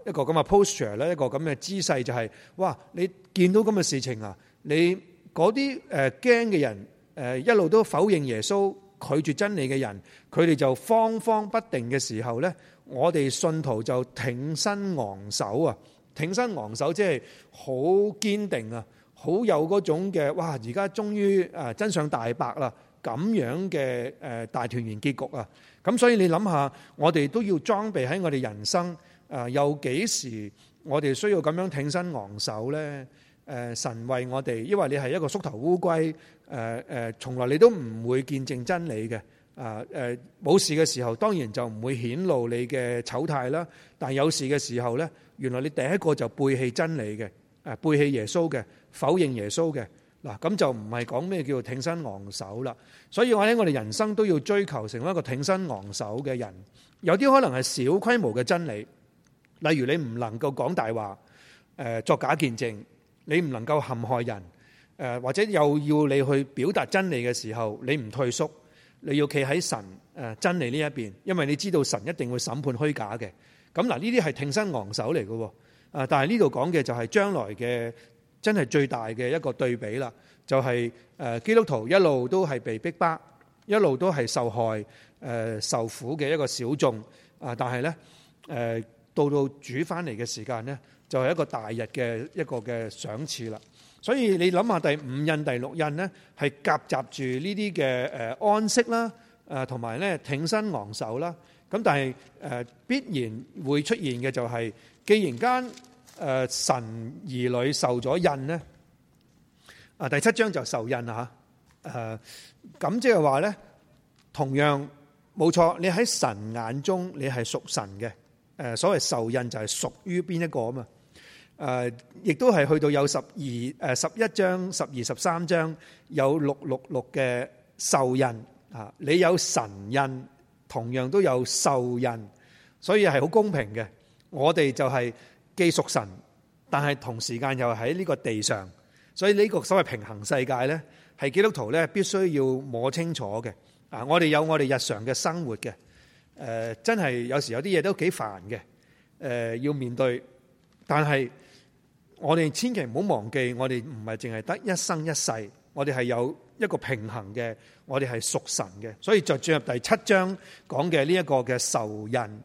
一個咁嘅 posture 咧，一個咁嘅姿勢，就係哇！你見到咁嘅事情啊，你嗰啲驚嘅人一路都否認耶穌、拒絕真理嘅人，佢哋就慌慌不定嘅時候咧。我哋信徒就挺身昂首啊！挺身昂首，即係好堅定啊！好有嗰種嘅，哇！而家終於誒真相大白啦，咁樣嘅誒大團圓結局啊！咁所以你諗下，我哋都要裝備喺我哋人生誒，又幾時我哋需要咁樣挺身昂首咧？誒、呃，神為我哋，因為你係一個縮頭烏龜，誒、呃、誒、呃，從來你都唔會見證真理嘅。啊！誒冇事嘅時候，當然就唔會顯露你嘅醜態啦。但有事嘅時候呢，原來你第一個就背棄真理嘅，誒背棄耶穌嘅，否認耶穌嘅。嗱，咁就唔係講咩叫做挺身昂首啦。所以我喺我哋人生都要追求成為一個挺身昂首嘅人。有啲可能係小規模嘅真理，例如你唔能夠講大話，作假見證，你唔能夠陷害人，或者又要你去表達真理嘅時候，你唔退縮。你要企喺神誒真理呢一邊，因為你知道神一定會審判虛假嘅。咁嗱，呢啲係挺身昂首嚟嘅喎。啊，但係呢度講嘅就係將來嘅真係最大嘅一個對比啦，就係、是、誒基督徒一路都係被逼迫，一路都係受害誒受苦嘅一個小眾。啊，但係咧誒到到主翻嚟嘅時間呢，就係、是、一個大日嘅一個嘅賞賜啦。所以你諗下第五印第六印咧，係夾雜住呢啲嘅誒安息啦，誒同埋咧挺身昂首啦。咁但係誒必然會出現嘅就係，既然間誒神兒女受咗印咧，啊第七章就是受印啊吓，誒咁即係話咧，同樣冇錯，你喺神眼中你係屬神嘅，誒所謂受印就係屬於邊一個啊嘛。誒，亦都係去到有十二誒十一章、十二、十三章，有六六六嘅獸印啊！你有神印，同樣都有獸印，所以係好公平嘅。我哋就係既屬神，但係同時間又喺呢個地上，所以呢個所謂平衡世界呢，係基督徒呢必須要摸清楚嘅。啊，我哋有我哋日常嘅生活嘅，呃，真係有時有啲嘢都幾煩嘅，誒，要面對，但係，我哋千祈唔好忘記，我哋唔係淨係得一生一世，我哋係有一個平衡嘅，我哋係屬神嘅，所以就進入第七章講嘅呢一個嘅仇人。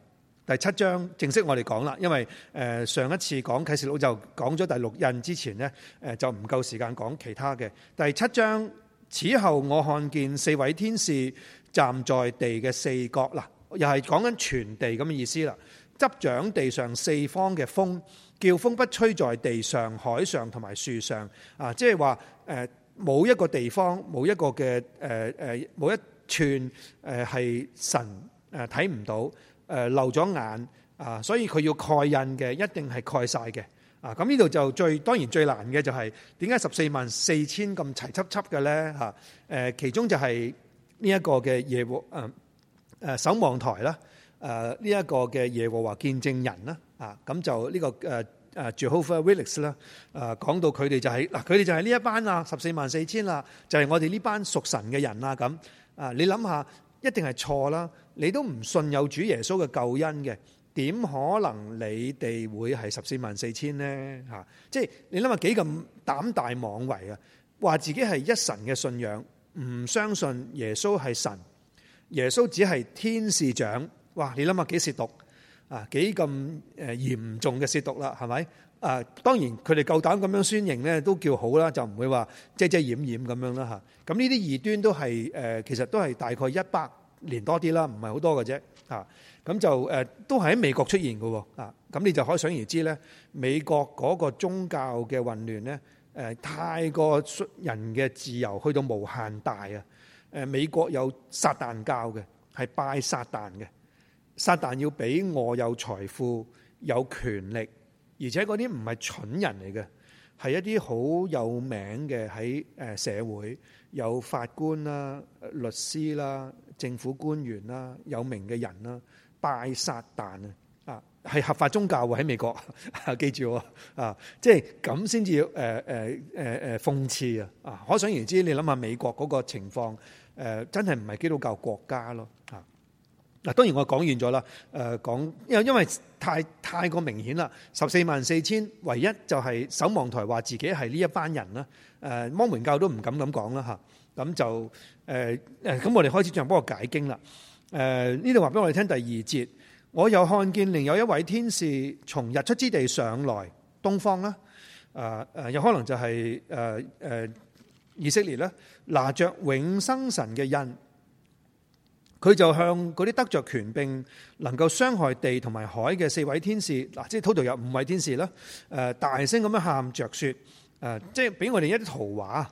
第七章正式我哋講啦，因為誒上一次講啟示錄就講咗第六印之前呢，誒就唔夠時間講其他嘅。第七章此後我看見四位天使站在地嘅四角，嗱又係講緊全地咁嘅意思啦，執掌地上四方嘅風。叫風不吹在地上、海上同埋樹上啊！即係話誒，冇、呃、一個地方冇一個嘅誒誒，冇、呃、一寸誒係神誒睇唔到誒、呃、漏咗眼啊！所以佢要蓋印嘅，一定係蓋晒嘅啊！咁呢度就最當然最難嘅就係點解十四萬四千咁齊七七嘅咧嚇？誒、啊，其中就係呢一個嘅耶和誒誒、啊、守望台啦，誒呢一個嘅耶和華見證人啦。啊，咁就呢、這個誒誒 Jehovah's Witness 啦，誒、啊、講、啊啊、到佢哋就係、是、嗱，佢、啊、哋就係呢一班啦，十四萬四千啦，就係、是、我哋呢班屬神嘅人啦。咁啊，你諗下，一定係錯啦。你都唔信有主耶穌嘅救恩嘅，點可能你哋會係十四萬四千呢？吓、啊，即係你諗下幾咁膽大妄為啊！話自己係一神嘅信仰，唔相信耶穌係神，耶穌只係天使長。哇！你諗下幾褻瀆。啊，幾咁誒嚴重嘅褻瀆啦，係咪？啊，當然佢哋夠膽咁樣宣認咧，都叫好啦，就唔會話遮遮掩掩咁樣啦嚇。咁呢啲異端都係誒，其實都係大概一百年多啲啦，唔係好多嘅啫嚇。咁就誒，都係喺美國出現嘅喎啊。咁你就可想而知咧，美國嗰個宗教嘅混亂咧，誒太過人嘅自由去到無限大啊！誒，美國有撒旦教嘅，係拜撒旦嘅。撒旦要俾我有財富、有權力，而且嗰啲唔係蠢人嚟嘅，係一啲好有名嘅喺誒社會有法官啦、律師啦、政府官員啦、有名嘅人啦，拜撒旦啊，係合法宗教喎喺美國，記住啊，即係咁先至要誒誒誒誒諷刺啊！啊，可想而知，你諗下美國嗰個情況，誒真係唔係基督教國家咯。嗱，當然我講完咗啦。誒、呃，講，因因為太太過明顯啦，十四萬四千，唯一就係守望台話自己係呢一班人啦。誒、呃，蒙門教都唔敢咁講啦嚇。咁、啊、就誒誒，咁、呃、我哋開始進行幫我解經啦。誒、呃，呢度話俾我哋聽第二節，我又看見另有一位天使從日出之地上來，東方啦。啊、呃、啊，有可能就係誒誒以色列啦，拿着永生神嘅印。.佢就向嗰啲得着權柄能夠傷害地同埋海嘅四位天使，嗱，即係 total 有五位天使啦。誒，大聲咁樣喊着說，誒，即係俾我哋一啲圖畫，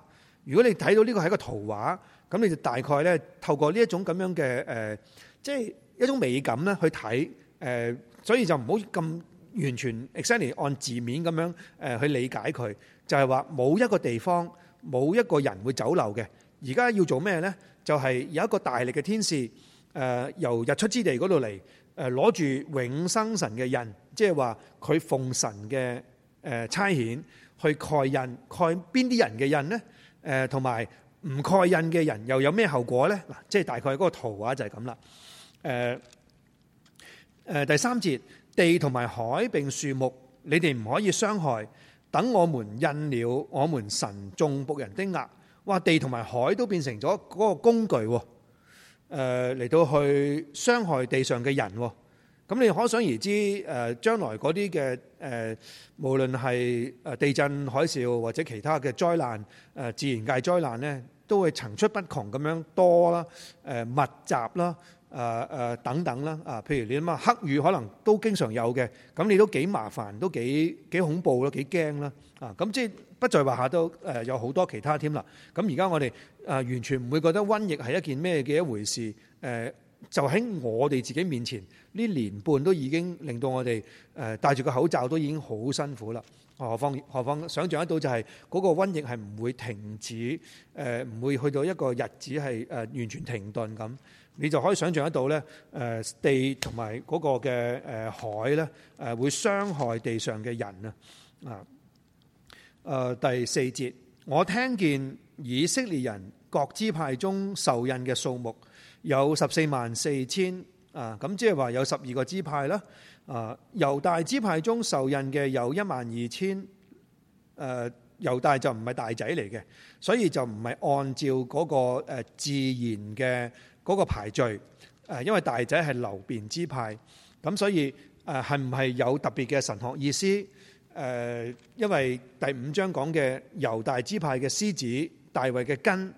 如果你睇到呢個係一個圖畫，咁你就大概咧透過呢一種咁樣嘅誒即係一種美感咧去睇誒、呃，所以就唔好咁完全 exactly 按字面咁樣誒去理解佢，就係話冇一個地方冇一個人會走漏嘅。而家要做咩咧？就係有一個大力嘅天使，誒、呃，由日出之地嗰度嚟，誒、呃，攞住永生神嘅印，即係話佢奉神嘅誒、呃、差遣去蓋印，蓋邊啲人嘅印呢？誒、呃，同埋唔蓋印嘅人又有咩後果呢？嗱、呃，即係大概嗰個圖畫就係咁啦。誒、呃，誒、呃，第三節，地同埋海並樹木，你哋唔可以傷害。等我們印了，我們神眾僕人的額。哇！地同埋海都變成咗嗰個工具，誒嚟到去傷害地上嘅人。咁你可想而知，誒將來嗰啲嘅誒，無論係誒地震、海嘯或者其他嘅災難，誒自然界災難咧，都會層出不窮咁樣多啦，誒密集啦，誒誒等等啦。啊，譬如你諗下黑雨，可能都經常有嘅。咁你都幾麻煩，都幾幾恐怖啦，幾驚啦。啊，咁即係。不在話下，都誒有好多其他添啦。咁而家我哋誒完全唔會覺得瘟疫係一件咩嘅一回事。誒就喺我哋自己面前，呢年半都已經令到我哋誒戴住個口罩都已經好辛苦啦。何況何況，想像得到就係嗰個瘟疫係唔會停止。誒唔會去到一個日子係誒完全停頓咁，你就可以想像得到咧。誒地同埋嗰個嘅誒海咧，誒會傷害地上嘅人啊啊！誒、呃、第四節，我聽見以色列人各支派中受印嘅數目有十四萬四千啊，咁、呃、即係話有十二個支派啦。啊、呃，猶大支派中受印嘅有一萬二千。誒猶大就唔係大仔嚟嘅，所以就唔係按照嗰個誒自然嘅嗰個排序。誒、呃，因為大仔係流便支派，咁所以誒係唔係有特別嘅神學意思？誒，因為第五章講嘅猶大支派嘅獅子，大衛嘅根，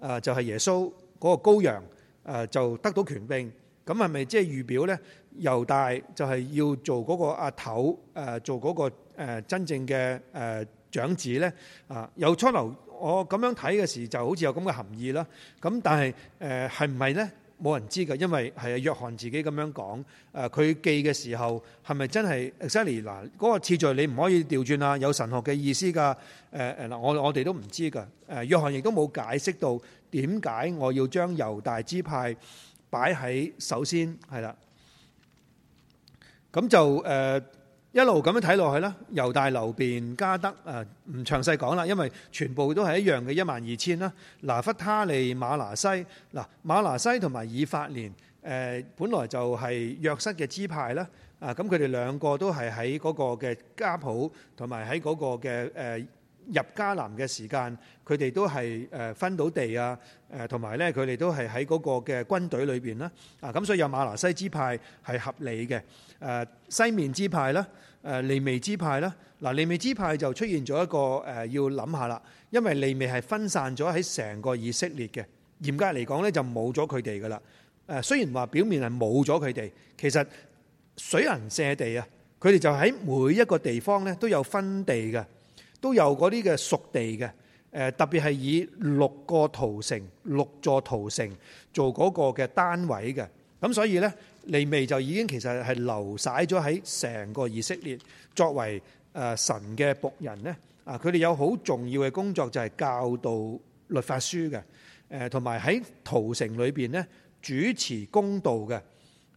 啊，就是，就係耶穌嗰個羔羊，誒，就得到權柄，咁係咪即係預表咧？猶大就係要做嗰個阿頭，誒，做嗰個真正嘅誒長子咧，啊，有初流，我咁樣睇嘅時，就好似有咁嘅含義啦。咁但係誒，係唔係咧？冇人知嘅，因為係啊，約翰自己咁樣講，誒、呃、佢記嘅時候係咪真係？嗱，嗰、那個次序你唔可以調轉啊！有神學嘅意思噶，誒誒嗱，我我哋都唔知嘅。誒、呃，約翰亦都冇解釋到點解我要將猶大支派擺喺首先係啦。咁就誒。呃一路咁樣睇落去啦，猶大、流便、加德，誒唔詳細講啦，因為全部都係一樣嘅一萬二千啦。拿弗他利、馬拿西，嗱，馬拿西同埋以法蓮誒，本來就係約瑟嘅支派啦。啊，咁佢哋兩個都係喺嗰個嘅家譜，同埋喺嗰個嘅誒入迦南嘅時間，佢哋都係誒分到地啊。誒，同埋咧，佢哋都係喺嗰個嘅軍隊裏邊啦。啊，咁所以有馬拿西支派係合理嘅。誒，西面支派啦。誒利未支派啦，嗱利未支派就出現咗一個誒、呃、要諗下啦，因為利未係分散咗喺成個以色列嘅，嚴格嚟講咧就冇咗佢哋噶啦。誒、呃、雖然話表面係冇咗佢哋，其實水銀瀉地啊，佢哋就喺每一個地方咧都有分地嘅，都有嗰啲嘅屬地嘅。誒、呃、特別係以六個逃城、六座逃城做嗰個嘅單位嘅，咁所以咧。利未就已經其實係流曬咗喺成個以色列，作為誒神嘅僕人咧，啊佢哋有好重要嘅工作就係教導律法書嘅，誒同埋喺屠城裏邊咧主持公道嘅，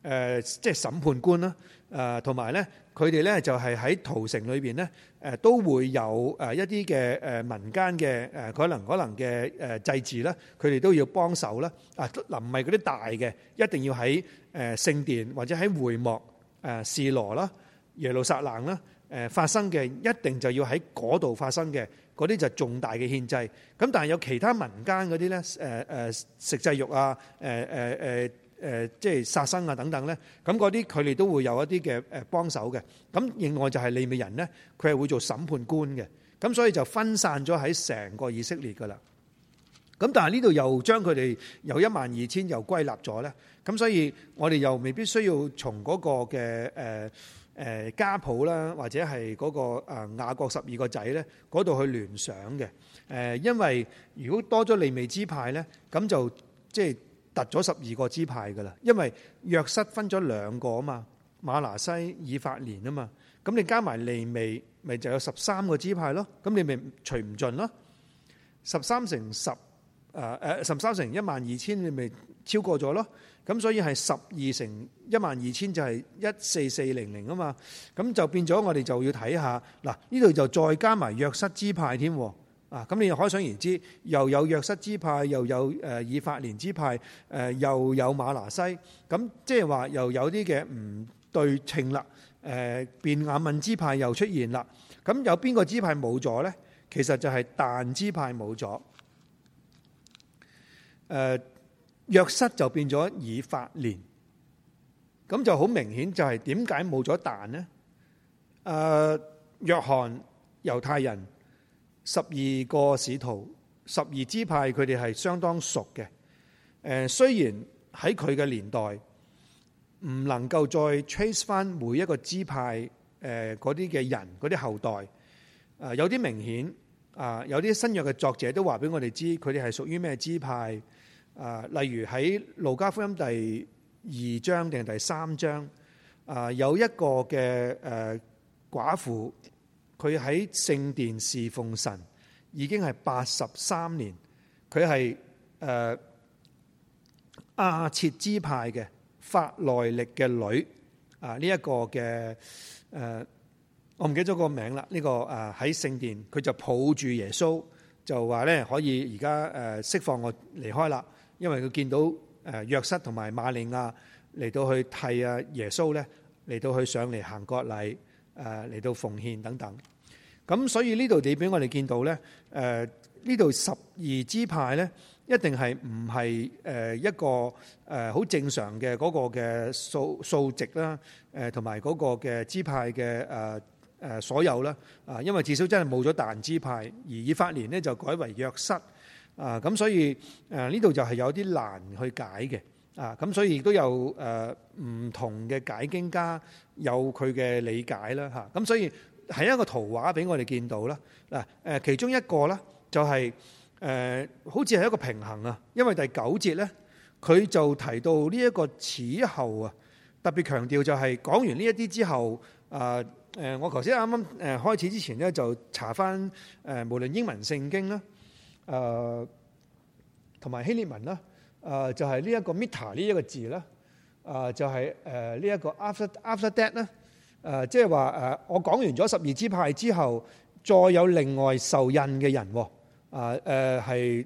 誒即係審判官啦，誒同埋咧佢哋咧就係喺屠城裏邊咧，誒都會有誒一啲嘅誒民間嘅誒可能可能嘅誒祭祀咧，佢哋都要幫手啦，啊嗱唔係嗰啲大嘅一定要喺，誒聖殿或者喺會幕誒示羅啦、耶路撒冷啦，誒發生嘅，一定就要喺嗰度發生嘅，嗰啲就重大嘅獻祭。咁但係有其他民間嗰啲咧，誒誒食祭肉啊、誒誒誒誒即係殺生啊等等咧，咁嗰啲佢哋都會有一啲嘅誒幫手嘅。咁另外就係利未人呢，佢係會做審判官嘅。咁所以就分散咗喺成個以色列㗎喇。咁但係呢度又將佢哋由一萬二千又歸納咗咧，咁所以我哋又未必需要從嗰個嘅誒誒家譜啦，或者係嗰個誒雅各十二個仔咧嗰度去聯想嘅誒，因為如果多咗利未支派咧，咁就即係突咗十二個支派噶啦，因為約瑟分咗兩個啊嘛，馬拿西、以法蓮啊嘛，咁你加埋利未，咪就有十三個支派咯，咁你咪除唔盡咯，十三乘十。誒誒、呃、十三乘一萬二千，你咪超過咗咯？咁所以係十二乘一萬二千就係一四四零零啊嘛！咁就變咗我哋就要睇下嗱，呢度就再加埋約瑟支派添啊！咁你可想而知，又有約瑟支派，又有誒以法蓮支派，誒又有馬拿西，咁即係話又有啲嘅唔對稱啦。誒便雅憫支派又出現啦。咁有邊個支派冇咗呢？其實就係但支派冇咗。誒、呃、約瑟就變咗以法蓮，咁就好明顯就係點解冇咗彈呢？誒、呃、約翰猶太人，十二個使徒，十二支派佢哋係相當熟嘅、呃。雖然喺佢嘅年代唔能夠再 trace 翻每一個支派嗰啲嘅人嗰啲後代，誒、呃、有啲明顯啊、呃、有啲新約嘅作者都話俾我哋知佢哋係屬於咩支派。啊，例如喺路加福音第二章定第三章，啊，有一個嘅誒寡婦，佢喺聖殿侍奉神，已經係八十三年。佢係誒亞設支派嘅法內力嘅女。啊、這個，呢一個嘅誒，我唔記咗個名啦。呢個啊喺聖殿，佢就抱住耶穌，就話咧可以而家誒釋放我離開啦。因為佢見到誒約瑟同埋馬利亞嚟到去替啊耶穌咧嚟到去上嚟行割禮誒嚟到奉獻等等，咁所以呢度你俾我哋見到咧誒呢度十二支派咧一定係唔係誒一個誒好正常嘅嗰個嘅數數值啦誒同埋嗰個嘅支派嘅誒誒所有啦啊，因為至少真係冇咗但支派，而以法蓮咧就改為約瑟。啊，咁所以誒呢度就係有啲難去解嘅，啊咁所以亦都有誒唔、啊、同嘅解經家有佢嘅理解啦，嚇、啊、咁所以係一個圖畫俾我哋見到啦。嗱、啊、誒、啊，其中一個啦，就係、是、誒、啊、好似係一個平衡啊，因為第九節咧，佢就提到呢一個此後啊，特別強調就係、是、講完呢一啲之後，啊誒我頭先啱啱誒開始之前咧，就查返誒、啊、無論英文聖經啦。誒同埋希利文啦，誒、呃、就係呢一個 meta 呢一個字啦，誒、呃、就係誒呢一個 after after that 啦、呃，誒即係話誒我講完咗十二支派之後，再有另外受印嘅人啊，誒係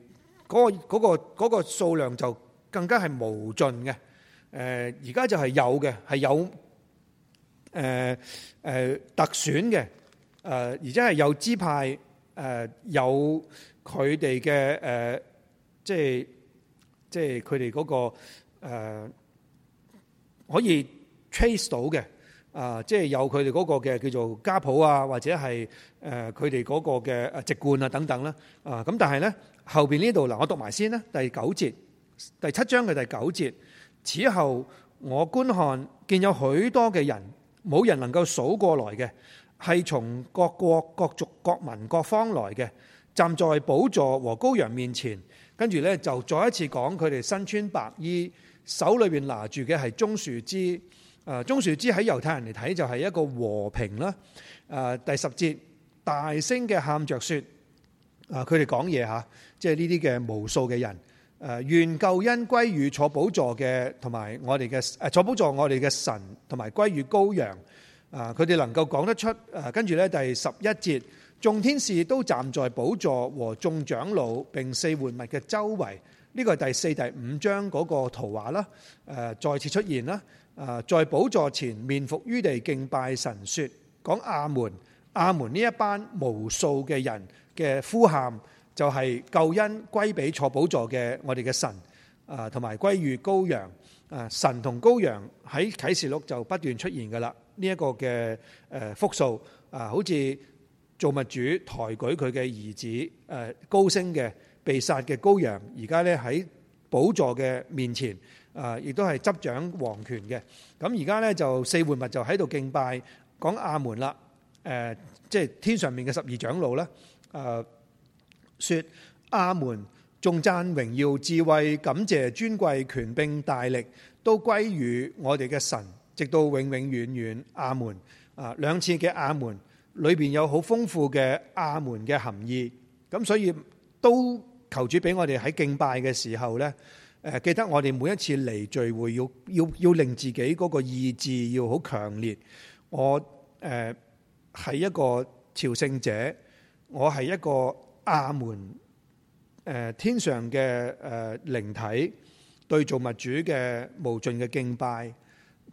嗰個嗰、嗰個數、嗰個、量就更加係無盡嘅。誒而家就係有嘅，係有誒誒、呃呃、特選嘅，誒、呃、而且係有支派誒、呃、有。佢哋嘅誒，即係即係佢哋嗰個、呃、可以 trace 到嘅啊、呃，即係有佢哋嗰個嘅叫做家譜啊，或者係誒佢哋嗰個嘅籍貫啊等等啦。啊。咁但係咧後邊呢度嗱，我讀埋先啦。第九節第七章嘅第九節，此後我觀看見有許多嘅人，冇人能夠數過來嘅，係從各國各族各民各方來嘅。站在寶座和羔羊面前，跟住咧就再一次講佢哋身穿白衣，手裏邊拿住嘅係棕樹枝。誒，棕樹枝喺猶太人嚟睇就係一個和平啦。誒、啊，第十節，大聲嘅喊着説，誒、啊，佢哋講嘢嚇，即係呢啲嘅無數嘅人，誒、啊，願救恩歸於坐寶座嘅，同埋我哋嘅誒坐寶座我哋嘅神，同埋歸於羔羊。誒、啊，佢哋能夠講得出誒、啊，跟住咧第十一節。眾天使都站在寶座和眾長老並四活物嘅周圍，呢個係第四、第五章嗰個圖畫啦。誒，再次出現啦。誒，在寶座前面伏於地敬拜神，説講阿門，阿門。呢一班無數嘅人嘅呼喊就係救恩歸俾坐寶座嘅我哋嘅神啊，同埋歸於羔羊啊。神同羔羊喺啟示錄就不斷出現噶啦。呢一個嘅誒複數啊，好似。造物主抬舉佢嘅兒子，誒，高升嘅被殺嘅羔羊，而家咧喺寶座嘅面前，啊，亦都係執掌皇權嘅。咁而家咧就四活物就喺度敬拜，講阿門啦，誒，即係天上面嘅十二長老啦，誒，說阿門，仲讚榮耀智慧感謝尊貴權柄大力都歸於我哋嘅神，直到永永遠遠，阿門，啊，兩次嘅阿門。裏邊有好豐富嘅亞門嘅含義，咁所以都求主俾我哋喺敬拜嘅時候呢，誒、呃、記得我哋每一次嚟聚會要，要要要令自己嗰個意志要好強烈。我誒係、呃、一個朝聖者，我係一個亞門誒、呃、天上嘅誒靈體，對造物主嘅無盡嘅敬拜。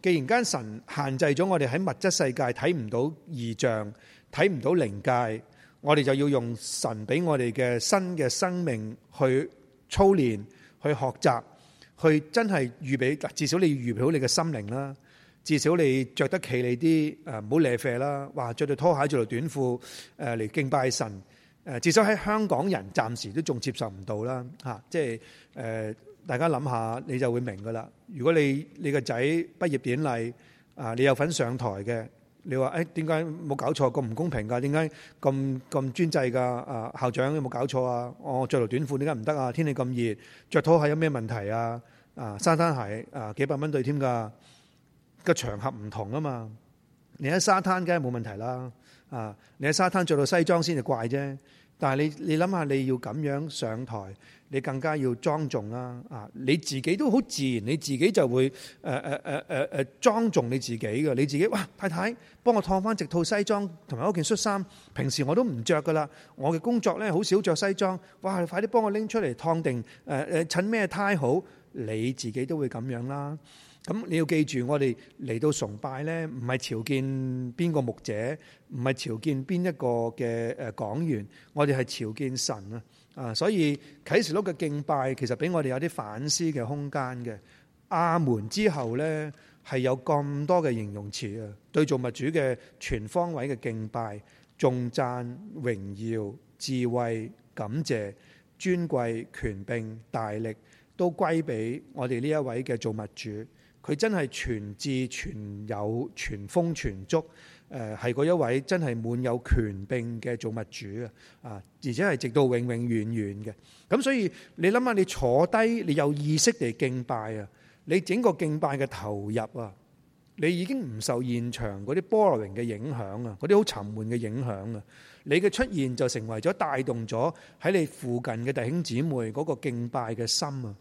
既然間神限制咗我哋喺物質世界睇唔到異象，睇唔到靈界，我哋就要用神俾我哋嘅新嘅生命去操練，去學習，去真係預備。至少你要預備好你嘅心靈啦。至少你着得企理啲，誒，唔好瀨肥啦。哇，着對拖鞋，着對短褲誒嚟敬拜神。誒，至少喺香港人暫時都仲接受唔到啦。嚇，即係誒。大家諗下，你就會明噶啦。如果你你個仔畢業典禮啊，你有份上台嘅，你話誒，點解冇搞錯？咁唔公平噶，點解咁咁專制噶？啊，校長有冇搞錯啊？我着條短褲點解唔得啊？天氣咁熱，着拖鞋有咩問題啊？啊，沙灘鞋啊，幾百蚊對添噶。個場合唔同啊嘛。你喺沙灘梗係冇問題啦。啊，你喺沙灘着到西裝先至怪啫。但係你你諗下，你要咁樣上台，你更加要莊重啦啊！你自己都好自然，你自己就會誒誒誒誒誒莊重你自己嘅。你自己哇，太太幫我燙翻直套西裝同埋嗰件恤衫，平時我都唔着噶啦。我嘅工作咧好少着西裝，哇！你快啲幫我拎出嚟燙定誒誒襯咩呔好？你自己都會咁樣啦。咁你要記住，我哋嚟到崇拜咧，唔係朝見邊個牧者，唔係朝見邊一個嘅誒講員，我哋係朝見神啊！啊，所以啟示錄嘅敬拜其實俾我哋有啲反思嘅空間嘅。阿門之後咧，係有咁多嘅形容詞啊，對造物主嘅全方位嘅敬拜，頌讚、榮耀、智慧、感謝、尊貴、權柄、大力，都歸俾我哋呢一位嘅造物主。佢真係全智全有全豐全足，誒係嗰一位真係滿有權柄嘅造物主啊！啊，而且係直到永永遠遠嘅。咁所以你諗下，你坐低，你有意識地敬拜啊，你整個敬拜嘅投入啊，你已經唔受現場嗰啲波羅形嘅影響啊，嗰啲好沉悶嘅影響啊，你嘅出現就成為咗帶動咗喺你附近嘅弟兄姊妹嗰個敬拜嘅心啊！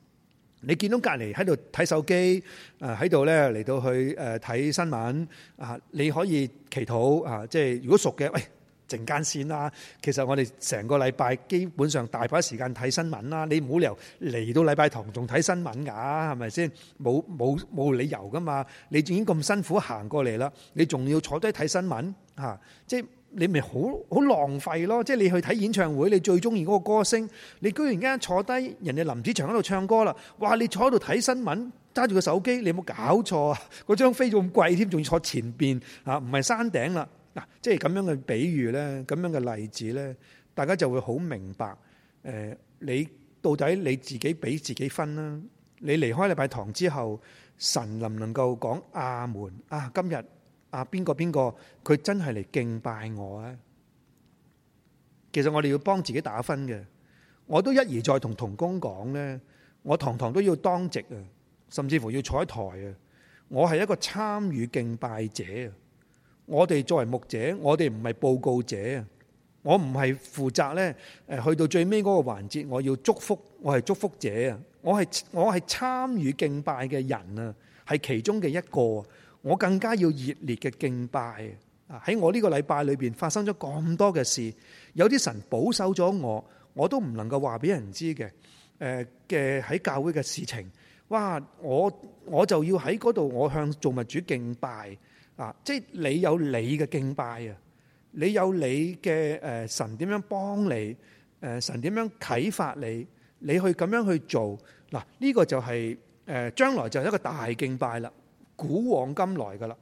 你見到隔離喺度睇手機，喺度咧嚟到去睇新聞啊！你可以祈禱啊！即係如果熟嘅，喂、哎、靜間先啦、啊。其實我哋成個禮拜基本上大把時間睇新聞啦、啊。你冇理由嚟到禮拜堂仲睇新聞㗎、啊，係咪先？冇冇冇理由㗎嘛！你已經咁辛苦行過嚟啦，你仲要坐低睇新聞、啊、即係。你咪好好浪費咯！即係你去睇演唱會，你最中意嗰個歌星，你居然間坐低，人哋林子祥喺度唱歌啦！哇！你坐喺度睇新聞，揸住個手機，你有冇搞錯啊！嗰張飛仲咁貴添，仲要坐前邊，唔係山頂啦！嗱，即係咁樣嘅比喻咧，咁樣嘅例子咧，大家就會好明白。呃，你到底你自己俾自己分啦？你離開禮拜堂之後，神能唔能夠講阿門啊？今日？啊！邊個邊個？佢真係嚟敬拜我啊！其實我哋要幫自己打分嘅。我都一而再同同工講咧，我堂堂都要當值啊，甚至乎要彩台啊。我係一個參與敬拜者啊。我哋作為牧者，我哋唔係報告者啊。我唔係負責咧。誒，去到最尾嗰個環節，我要祝福，我係祝福者啊。我係我係參與敬拜嘅人啊，係其中嘅一個。我更加要熱烈嘅敬拜啊！喺我呢個禮拜裏邊發生咗咁多嘅事，有啲神保守咗我，我都唔能夠話俾人知嘅。誒嘅喺教會嘅事情，哇！我我就要喺嗰度，我向造物主敬拜啊！即係你有你嘅敬拜啊！你有你嘅誒，神點樣幫你？誒，神點樣啟發你？你去咁樣去做嗱？呢個就係誒，將來就係一個大敬拜啦。古往今來噶啦，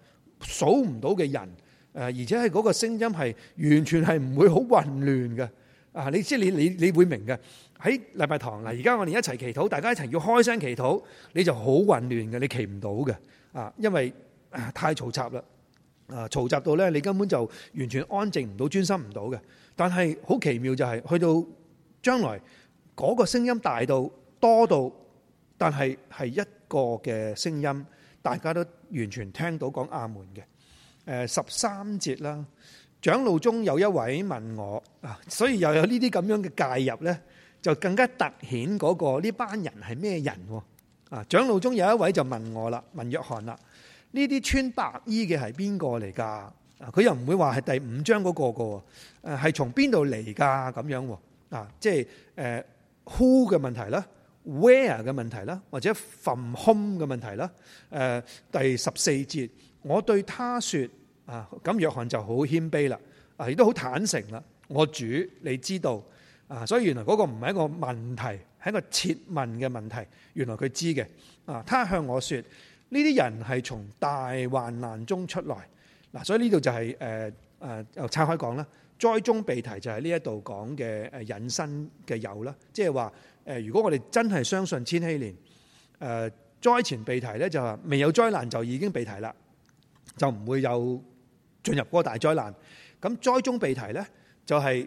數唔到嘅人，誒，而且係嗰個聲音係完全係唔會好混亂嘅，啊，你即係你你你會明嘅。喺禮拜堂嗱，而家我哋一齊祈禱，大家一齊要開聲祈禱，你就好混亂嘅，你祈唔到嘅，啊，因為太嘈雜啦，啊，嘈雜到咧，你根本就完全安靜唔到，專心唔到嘅。但係好奇妙就係，去到將來嗰個聲音大到多到，但係係一個嘅聲音。大家都完全聽到講阿門嘅，誒，十三節啦。長老中有一位問我，所以又有呢啲咁樣嘅介入咧，就更加突顯嗰個呢班人係咩人啊，長老中有一位就問我啦，問約翰啦，呢啲穿白衣嘅係邊個嚟㗎？啊，佢又唔會話係第五章嗰個個，誒係從邊度嚟㗎？咁樣喎，啊，即係誒 Who 嘅問題啦。Where 嘅問題啦，或者 from home 嘅問題啦。誒、呃，第十四節，我對他說啊，咁約翰就好謙卑啦，啊，亦、啊、都好坦誠啦。我主，你知道啊，所以原來嗰個唔係一個問題，係一個設問嘅問題。原來佢知嘅啊，他向我說，呢啲人係從大患難中出來嗱、啊，所以呢度就係誒誒又拆開講啦。災中被提就係呢一度講嘅誒隱身嘅有啦，即係話。誒，如果我哋真係相信千禧年，誒災前被提咧，就係未有災難就已經被提啦，就唔會有進入過大災難。咁災中被提咧，就係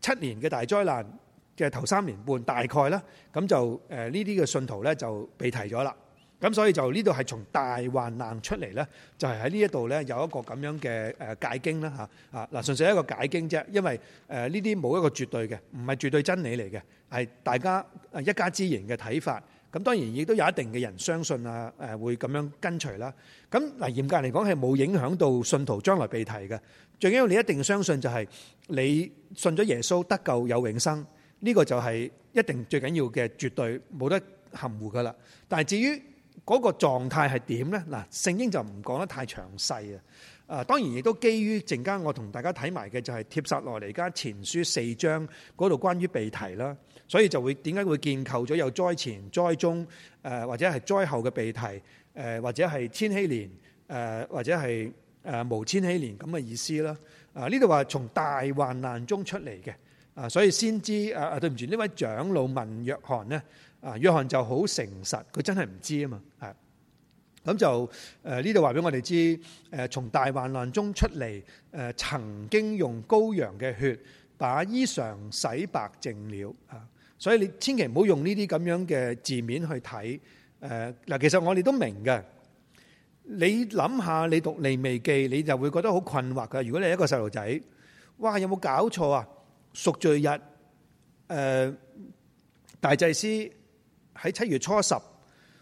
七年嘅大災難嘅頭三年半，大概啦，咁就誒呢啲嘅信徒咧就被提咗啦。咁所以就呢度係從大患難出嚟咧，就係喺呢一度咧有一個咁樣嘅誒解經啦嚇啊，嗱，純粹係一個解經啫，因為誒呢啲冇一個絕對嘅，唔係絕對真理嚟嘅，係大家誒一家之言嘅睇法。咁當然亦都有一定嘅人相信啊，誒會咁樣跟隨啦。咁，嗱，嚴格嚟講係冇影響到信徒將來被提嘅。最緊要你一定相信就係你信咗耶穌得救有永生呢個，就係一定最緊要嘅，絕對冇得含糊噶啦。但係至於，嗰個狀態係點呢？嗱，聖經就唔講得太詳細啊。啊，當然亦都基於陣間我同大家睇埋嘅就係帖撒羅尼迦前書四章嗰度關於被提啦，所以就會點解會建構咗有災前、災中、啊、或者係災後嘅被提、啊、或者係千禧年、啊、或者係誒、啊、無千禧年咁嘅意思啦。啊，呢度話從大患難中出嚟嘅啊，所以先知、啊、對唔住呢位長老問約翰呢，啊，約翰就好誠實，佢真係唔知啊嘛。咁就誒呢度話俾我哋知，誒從大患難中出嚟，誒曾經用羔羊嘅血把衣裳洗白淨了啊！所以你千祈唔好用呢啲咁樣嘅字面去睇誒嗱，其實我哋都明嘅。你諗下，你讀利未記，你就會覺得好困惑嘅。如果你係一個細路仔，哇！有冇搞錯啊？贖罪日誒、呃、大祭司喺七月初十。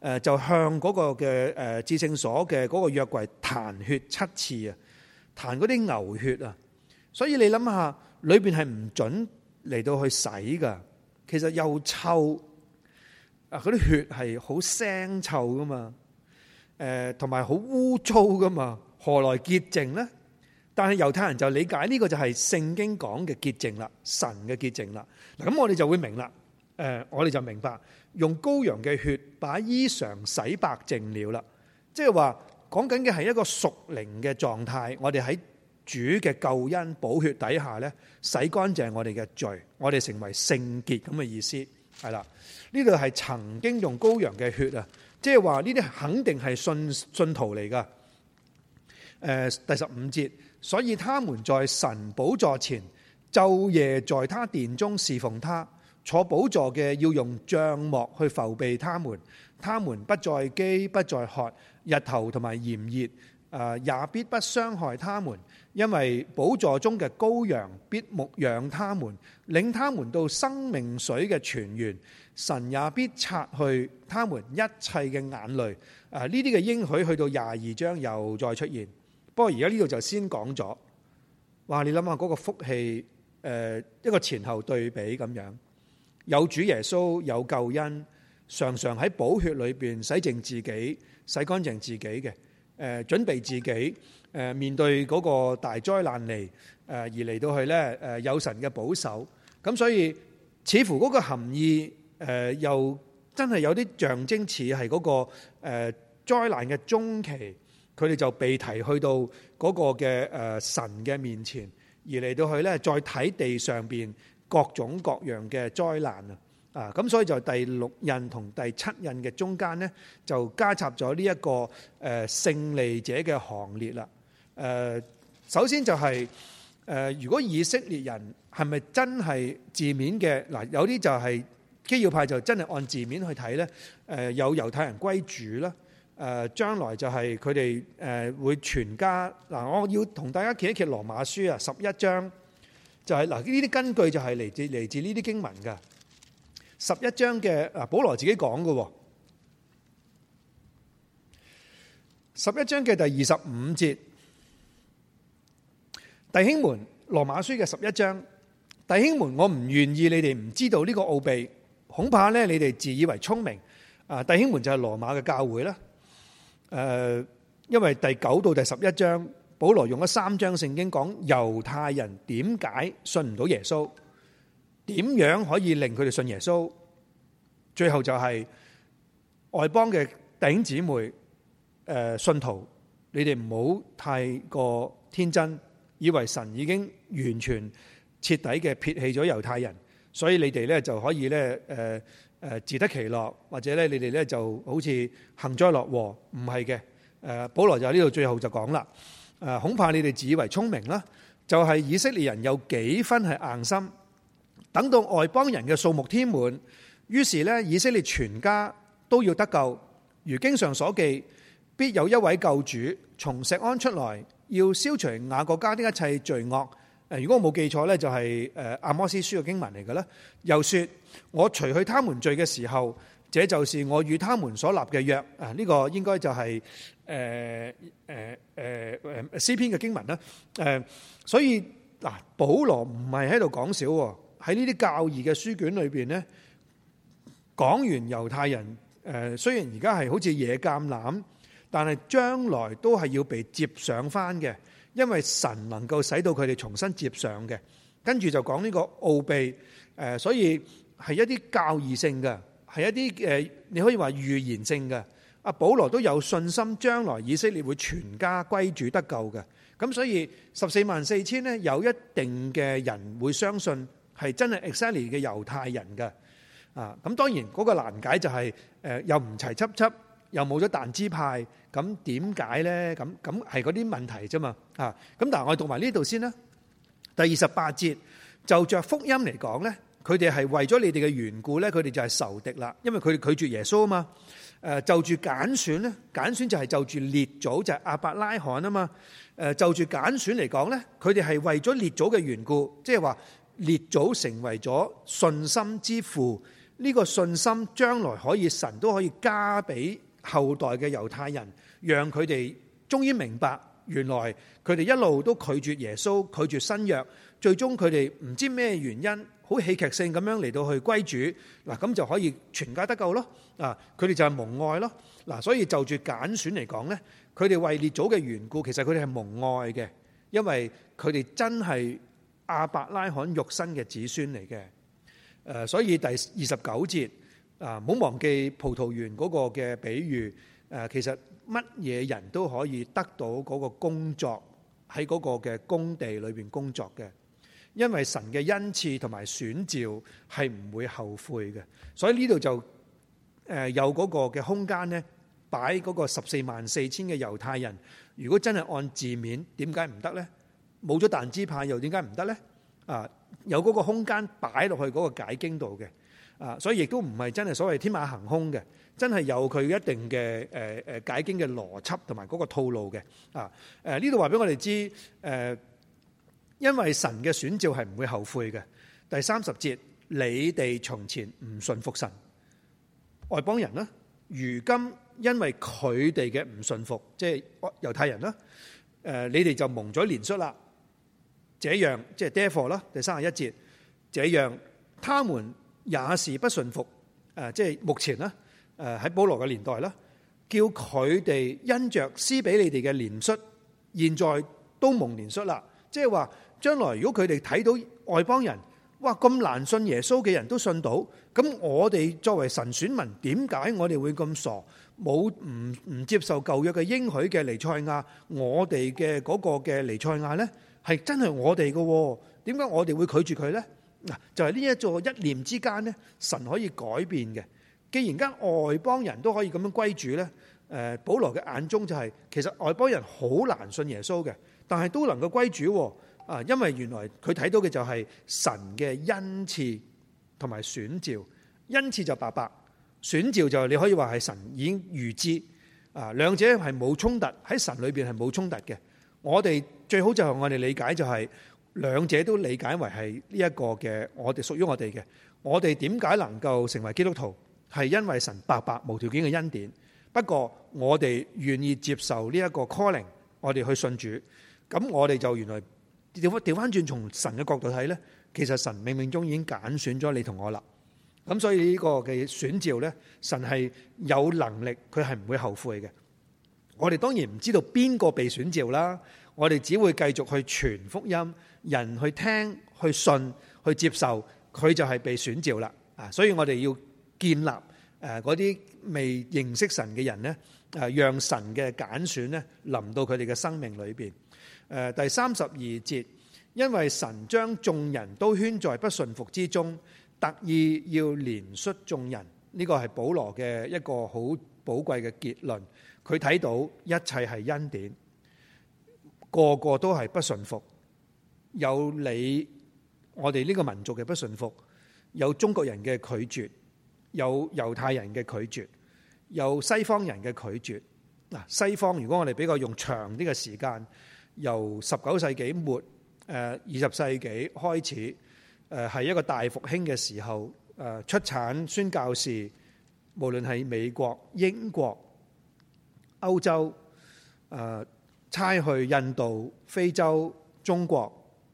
誒，就向嗰個嘅，誒至聖所嘅嗰個約櫃彈血七次啊，彈嗰啲牛血啊，所以你諗下，裏邊係唔准嚟到去洗噶，其實又臭啊，嗰啲血係好腥臭噶嘛，誒，同埋好污糟噶嘛，何來潔淨呢？但係猶太人就理解呢個就係聖經講嘅潔淨啦，神嘅潔淨啦，嗱咁我哋就會明啦，誒，我哋就明白。用羔羊嘅血把衣裳洗白淨了啦，即係話講緊嘅係一個屬靈嘅狀態。我哋喺主嘅救恩寶血底下呢，洗乾淨我哋嘅罪，我哋成為聖潔咁嘅意思係啦。呢度係曾經用羔羊嘅血啊，即係話呢啲肯定係信信徒嚟噶。誒、呃，第十五節，所以他們在神寶座前晝夜在他殿中侍奉他。坐寶座嘅要用帳幕去覆庇他們，他們不再飢不再渴，日頭同埋炎熱誒，也必不傷害他們，因為寶座中嘅羔羊必牧養他們，領他們到生命水嘅泉源，神也必擦去他們一切嘅眼淚。誒、啊，呢啲嘅應許去到廿二章又再出現，不過而家呢度就先講咗，話你諗下嗰個福氣誒、呃，一個前後對比咁樣。有主耶穌有救恩，常常喺寶血裏邊洗淨自己、洗乾淨自己嘅，誒準備自己，誒面對嗰個大災難嚟，誒而嚟到去咧，誒有神嘅保守，咁所以似乎嗰個含義，誒又真係有啲象徵似係嗰個，誒災難嘅中期，佢哋就被提去到嗰個嘅，誒神嘅面前，而嚟到去咧再睇地上邊各種各樣嘅災難啊！啊，咁所以就第六印同第七印嘅中間呢，就加插咗呢一個誒、呃、勝利者嘅行列啦。誒、啊，首先就係、是、誒、啊，如果以色列人係咪真係字面嘅嗱、啊？有啲就係、是、基要派就真係按字面去睇呢。誒、啊，有猶太人歸主啦。誒、啊，將來就係佢哋誒會全家嗱、啊，我要同大家企一企羅馬書啊，十一章。就係、是、嗱，呢啲根據就係嚟自嚟自呢啲經文噶。十一章嘅啊，保羅自己講嘅，十一章嘅第二十五節，弟兄們，羅馬書嘅十一章，弟兄們，我唔願意你哋唔知道呢個奧秘，恐怕咧你哋自以為聰明啊，弟兄們就係羅馬嘅教會啦。誒、啊，因為第九到第十一章。保羅用咗三章聖經講猶太人點解信唔到耶穌，點樣可以令佢哋信耶穌？最後就係外邦嘅弟兄姊妹，誒，信徒，你哋唔好太過天真，以為神已經完全徹底嘅撇棄咗猶太人，所以你哋咧就可以咧，誒誒自得其樂，或者咧你哋咧就好似幸災樂禍，唔係嘅，誒保羅就喺呢度最後就講啦。恐怕你哋自以為聰明啦，就係、是、以色列人有幾分係硬心，等到外邦人嘅數目添滿，於是呢，以色列全家都要得救。如經上所記，必有一位救主從錫安出來，要消除雅各家的一切罪惡。如果我冇記錯呢，就係、是、阿摩斯書嘅經文嚟嘅啦。又說我除去他們罪嘅時候。這就是我與他們所立嘅約啊！呢、這個應該就係誒誒誒誒詩篇嘅經文啦。誒，所以嗱，保羅唔係喺度講笑喎，喺呢啲教義嘅書卷裏邊咧，講完猶太人誒，雖然而家係好似野橄欖，但係將來都係要被接上翻嘅，因為神能夠使到佢哋重新接上嘅。跟住就講呢個奧秘，誒、呃，所以係一啲教義性嘅。係一啲誒，你可以話預言性嘅。阿保羅都有信心，將來以色列會全家歸主得救嘅。咁所以十四萬四千咧，有一定嘅人會相信係真係 exactly 嘅猶太人嘅。啊，咁當然嗰個難解就係誒，又唔齊執執，又冇咗但支派，咁點解咧？咁咁係嗰啲問題啫嘛。嚇，咁但係我哋讀埋呢度先啦。第二十八節就著福音嚟講咧。佢哋係為咗你哋嘅緣故呢，佢哋就係仇敵啦。因為佢哋拒絕耶穌啊嘛。呃、就住揀選咧，揀選就係就住列祖就係、是、阿伯拉罕啊嘛。呃、就住揀選嚟講呢，佢哋係為咗列祖嘅緣故，即係話列祖成為咗信心之父。呢、呢個信心將來可以神都可以加俾後代嘅猶太人，讓佢哋終於明白原來佢哋一路都拒絕耶穌，拒絕新約，最終佢哋唔知咩原因。好戲劇性咁樣嚟到去歸主，嗱，咁就可以全家得救咯。啊，佢哋就係蒙愛咯。嗱、啊，所以就住揀選嚟講咧，佢哋為列祖嘅緣故，其實佢哋係蒙愛嘅，因為佢哋真係亞伯拉罕肉身嘅子孫嚟嘅。誒、啊，所以第二十九節啊，唔好忘記葡萄園嗰個嘅比喻。誒、啊，其實乜嘢人都可以得到嗰個工作喺嗰個嘅工地裏邊工作嘅。因為神嘅恩賜同埋選召係唔會後悔嘅，所以呢度就誒有嗰個嘅空間咧，擺嗰個十四萬四千嘅猶太人。如果真係按字面，點解唔得咧？冇咗但支派又點解唔得咧？啊，有嗰個空間擺落去嗰個解經度嘅啊，所以亦都唔係真係所謂天馬行空嘅，真係有佢一定嘅誒誒解經嘅邏輯同埋嗰個套路嘅啊。誒呢度話俾我哋知誒。因為神嘅選召係唔會後悔嘅。第三十節，你哋從前唔信服神，外邦人啦、啊，如今因為佢哋嘅唔信服，即係猶太人啦，誒，你哋就蒙咗憐恤啦。這樣即係 Therefore 啦，第三十一節，這樣他們也是不信服。誒，即係目前啦、啊，誒喺保羅嘅年代啦、啊，叫佢哋因着施俾你哋嘅憐恤，現在都蒙憐恤啦。即係話。將來如果佢哋睇到外邦人，哇咁難信耶穌嘅人都信到，咁我哋作為神選民，點解我哋會咁傻，冇唔唔接受舊約嘅應許嘅尼賽亞？我哋嘅嗰個嘅尼賽亞呢，係真係我哋嘅點解我哋會拒絕佢呢？嗱，就係呢一座一念之間咧，神可以改變嘅。既然間外邦人都可以咁樣歸主呢，呃，保羅嘅眼中就係其實外邦人好難信耶穌嘅，但係都能夠歸主。啊，因為原來佢睇到嘅就係神嘅恩賜同埋選召。恩賜就白白，選召就你可以話係神已經預知啊。兩者係冇衝突，喺神裏邊係冇衝突嘅。我哋最好就係我哋理解就係、是、兩者都理解為係呢一個嘅，我哋屬於我哋嘅。我哋點解能夠成為基督徒，係因為神白白無條件嘅恩典。不過我哋願意接受呢一個 calling，我哋去信主，咁我哋就原來。調翻調翻轉，從神嘅角度睇咧，其實神冥冥中已經揀選咗你同我啦。咁所以呢個嘅選召咧，神係有能力，佢係唔會後悔嘅。我哋當然唔知道邊個被選召啦，我哋只會繼續去傳福音，人去聽、去信、去接受，佢就係被選召啦。啊，所以我哋要建立誒嗰啲未認識神嘅人咧，誒讓神嘅揀選咧臨到佢哋嘅生命裏邊。第三十二節，因為神將眾人都圈在不順服之中，特意要憐恤眾人。呢個係保羅嘅一個好寶貴嘅結論。佢睇到一切係恩典，個個都係不順服。有你我哋呢個民族嘅不順服，有中國人嘅拒絕，有猶太人嘅拒絕，有西方人嘅拒絕。嗱，西方如果我哋比較用長啲嘅時間。由十九世紀末誒，二十世紀開始，誒係一個大復興嘅時候，誒出產宣教士，無論係美國、英國、歐洲，誒差去印度、非洲、中國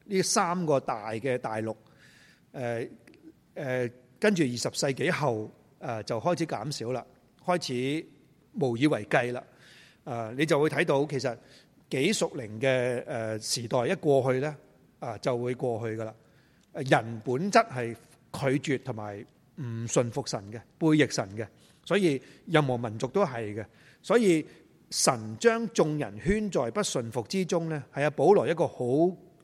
呢三個大嘅大陸，誒誒跟住二十世紀後，誒就開始減少啦，開始無以為繼啦誒，你就會睇到其實。幾屬靈嘅誒時代一過去呢，啊就會過去噶啦。人本質係拒絕同埋唔順服神嘅，背逆神嘅，所以任何民族都係嘅。所以神將眾人圈在不順服之中呢，係阿保羅一個好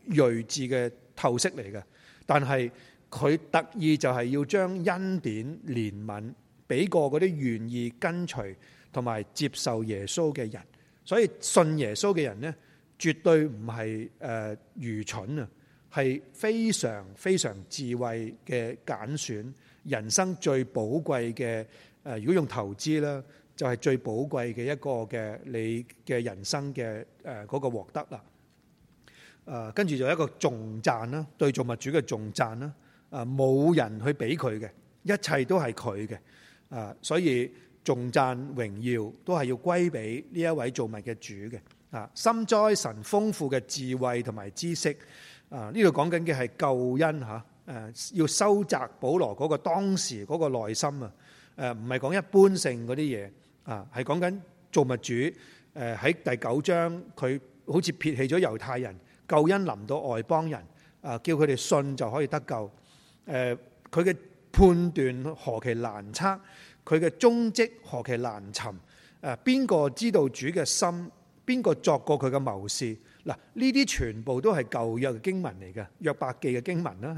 睿智嘅透析嚟嘅。但係佢特意就係要將恩典憐憫俾過嗰啲願意跟隨同埋接受耶穌嘅人。所以信耶穌嘅人咧，絕對唔係誒愚蠢啊，係非常非常智慧嘅揀選，人生最寶貴嘅誒，如果用投資咧，就係、是、最寶貴嘅一個嘅你嘅人生嘅誒嗰個獲得啦。誒、啊，跟住就一個重贊啦，對造物主嘅重贊啦。啊，冇人去俾佢嘅，一切都係佢嘅。啊，所以。頌讚榮耀，都係要歸俾呢一位造物嘅主嘅。啊，深哉神豐富嘅智慧同埋知識。啊，呢度講緊嘅係救恩吓。誒、啊啊，要收集保羅嗰個當時嗰個內心啊。誒，唔係講一般性嗰啲嘢啊，係講緊造物主。誒、啊，喺第九章，佢好似撇棄咗猶太人，救恩臨到外邦人啊，叫佢哋信就可以得救。誒、啊，佢嘅判斷何其難測。佢嘅蹤跡何其難尋，誒，邊個知道主嘅心？邊個作過佢嘅謀士？嗱，呢啲全部都係舊約嘅經文嚟嘅，約伯記嘅經文啦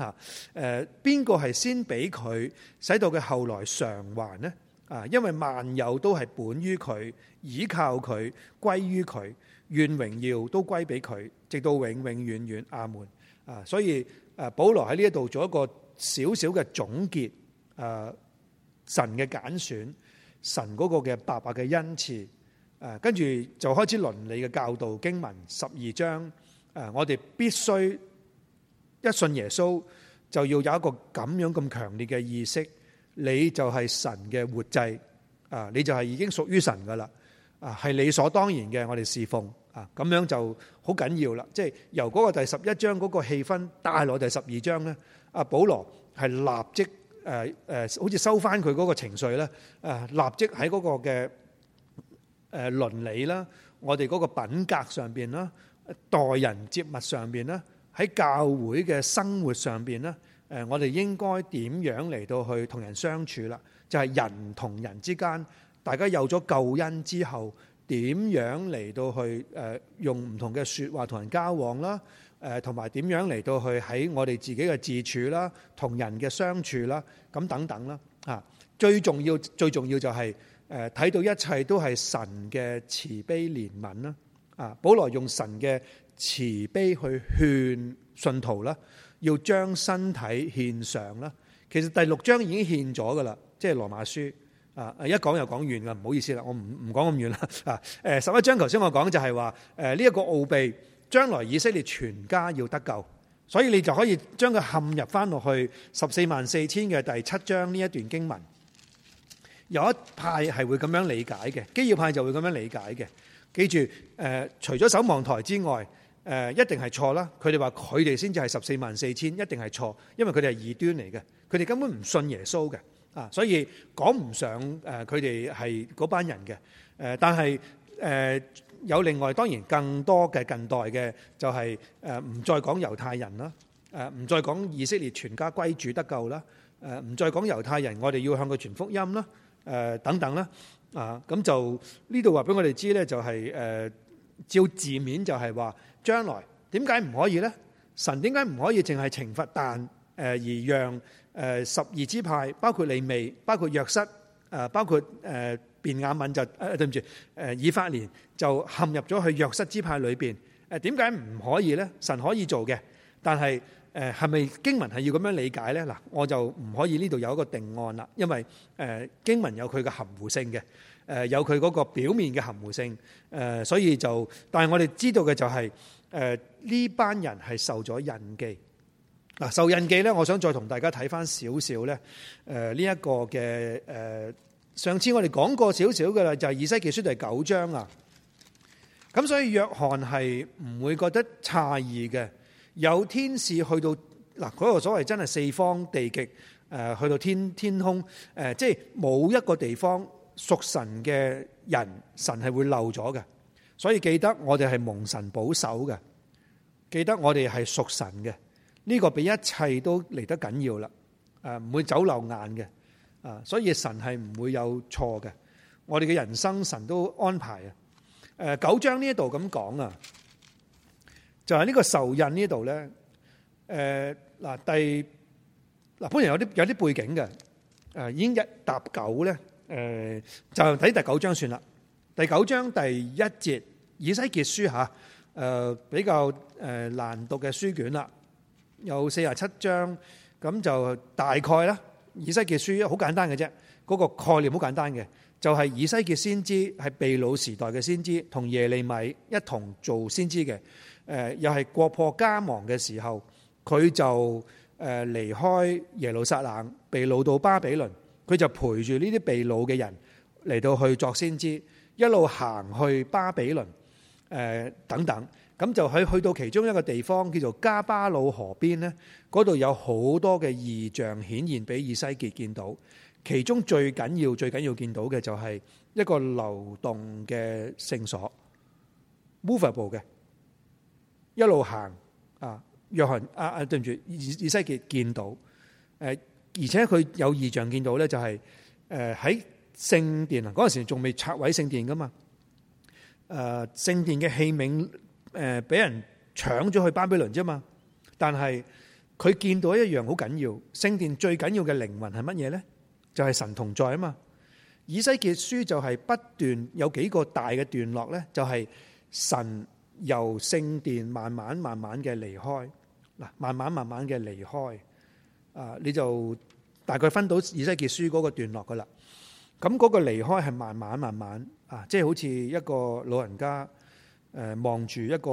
嚇。誒，邊個係先俾佢使到佢後來償還呢？啊，因為萬有都係本於佢，倚靠佢，歸於佢，願榮耀都歸俾佢，直到永永遠遠。阿門啊！所以誒，保羅喺呢一度做一個少少嘅總結誒。神嘅揀選，神嗰個嘅白白嘅恩賜，誒，跟住就開始倫理嘅教導經文十二章，誒，我哋必須一信耶穌，就要有一個咁樣咁強烈嘅意識，你就係神嘅活祭，啊，你就係已經屬於神噶啦，啊，係理所當然嘅，我哋侍奉，啊，咁樣就好緊要啦，即係由嗰個第十一章嗰個氣氛帶落第十二章咧，阿保羅係立即。誒誒，好似收翻佢嗰個情緒咧，誒立即喺嗰個嘅誒倫理啦，我哋嗰個品格上邊啦，待人接物上邊啦，喺教會嘅生活上邊咧，誒我哋應該點樣嚟到去同人相處啦？就係人同人之間，大家有咗救恩之後，點樣嚟到去誒用唔同嘅説話同人交往啦？誒同埋點樣嚟到去喺我哋自己嘅自處啦，同人嘅相處啦，咁等等啦，最重要最重要就係誒睇到一切都係神嘅慈悲憐憫啦，啊，保羅用神嘅慈悲去勸信徒啦，要將身體獻上啦。其實第六章已經獻咗噶啦，即係羅馬書啊，一講又講完啦，唔好意思啦，我唔唔講咁遠啦，啊，誒十一章頭先我講就係話誒呢一個奧秘。將來以色列全家要得救，所以你就可以將佢陷入翻落去十四萬四千嘅第七章呢一段經文。有一派係會咁樣理解嘅，基要派就會咁樣理解嘅。記住，誒、呃，除咗守望台之外，誒、呃，一定係錯啦。佢哋話佢哋先至係十四萬四千，一定係錯，因為佢哋係異端嚟嘅，佢哋根本唔信耶穌嘅啊，所以講唔上誒，佢哋係嗰班人嘅。誒、呃，但係誒。呃有另外當然更多嘅近代嘅就係誒唔再講猶太人啦，誒唔再講以色列全家歸主得救啦，誒唔再講猶太人，我哋要向佢傳福音啦，誒等等啦，啊咁就呢度話俾我哋知呢，就係誒照字面就係話將來，點解唔可以呢？神點解唔可以淨係懲罰但誒而讓誒十二支派包括利未、包括約瑟誒、包括誒？便雅憫就誒對唔住誒，以法蓮就陷入咗去約瑟支派裏邊誒，點解唔可以咧？神可以做嘅，但係誒係咪經文係要咁樣理解咧？嗱，我就唔可以呢度有一個定案啦，因為誒、呃、經文有佢嘅含糊性嘅誒、呃，有佢嗰個表面嘅含糊性誒、呃，所以就但係我哋知道嘅就係誒呢班人係受咗印記嗱、呃，受印記咧，我想再同大家睇返少少咧誒呢一點點、呃呢個嘅誒。呃上次我哋講過少少嘅啦，就係以西結書第九章啊。咁所以約翰係唔會覺得詫異嘅，有天使去到嗱嗰個所謂真係四方地極誒，去到天天空誒，即係冇一個地方屬神嘅人，神係會漏咗嘅。所以記得我哋係蒙神保守嘅，記得我哋係屬神嘅，呢個比一切都嚟得緊要啦。誒，唔會走漏眼嘅。啊！所以神係唔會有錯嘅，我哋嘅人生神都安排啊。誒，九章呢一度咁講啊，就係、是、呢個受印呢度咧。誒、呃，嗱第嗱本人有啲有啲背景嘅。誒、呃，已經一搭九咧。誒、呃，就睇第九章算啦。第九章第一節以西結書吓，誒、呃、比較誒難讀嘅書卷啦。有四十七章，咁就大概啦。以西結書好簡單嘅啫，嗰、那個概念好簡單嘅，就係、是、以西結先知係被擄時代嘅先知，同耶利米一同做先知嘅。誒，又係國破家亡嘅時候，佢就誒離開耶路撒冷，被擄到巴比倫，佢就陪住呢啲被擄嘅人嚟到去作先知，一路行去巴比倫。誒，等等。咁就去去到其中一個地方，叫做加巴魯河邊咧，嗰度有好多嘅異象顯現俾以西結見到。其中最緊要、最緊要見到嘅就係一個流動嘅聖所，moveable 嘅，一路行啊！約翰啊啊對唔住以以西結見到，誒，而且佢有異象見到咧，就係誒喺聖殿啊，嗰陣時仲未拆毀聖殿噶嘛，誒，聖殿嘅器皿。誒，俾人搶咗去巴比倫啫嘛，但係佢見到一樣好緊要，聖殿最緊要嘅靈魂係乜嘢呢？就係、是、神同在啊嘛。以西結書就係不斷有幾個大嘅段落呢，就係、是、神由聖殿慢慢慢慢嘅離開，嗱，慢慢慢慢嘅離開啊，你就大概分到以西結書嗰個段落噶啦。咁、那、嗰個離開係慢慢慢慢啊，即、就、係、是、好似一個老人家。誒，望住一個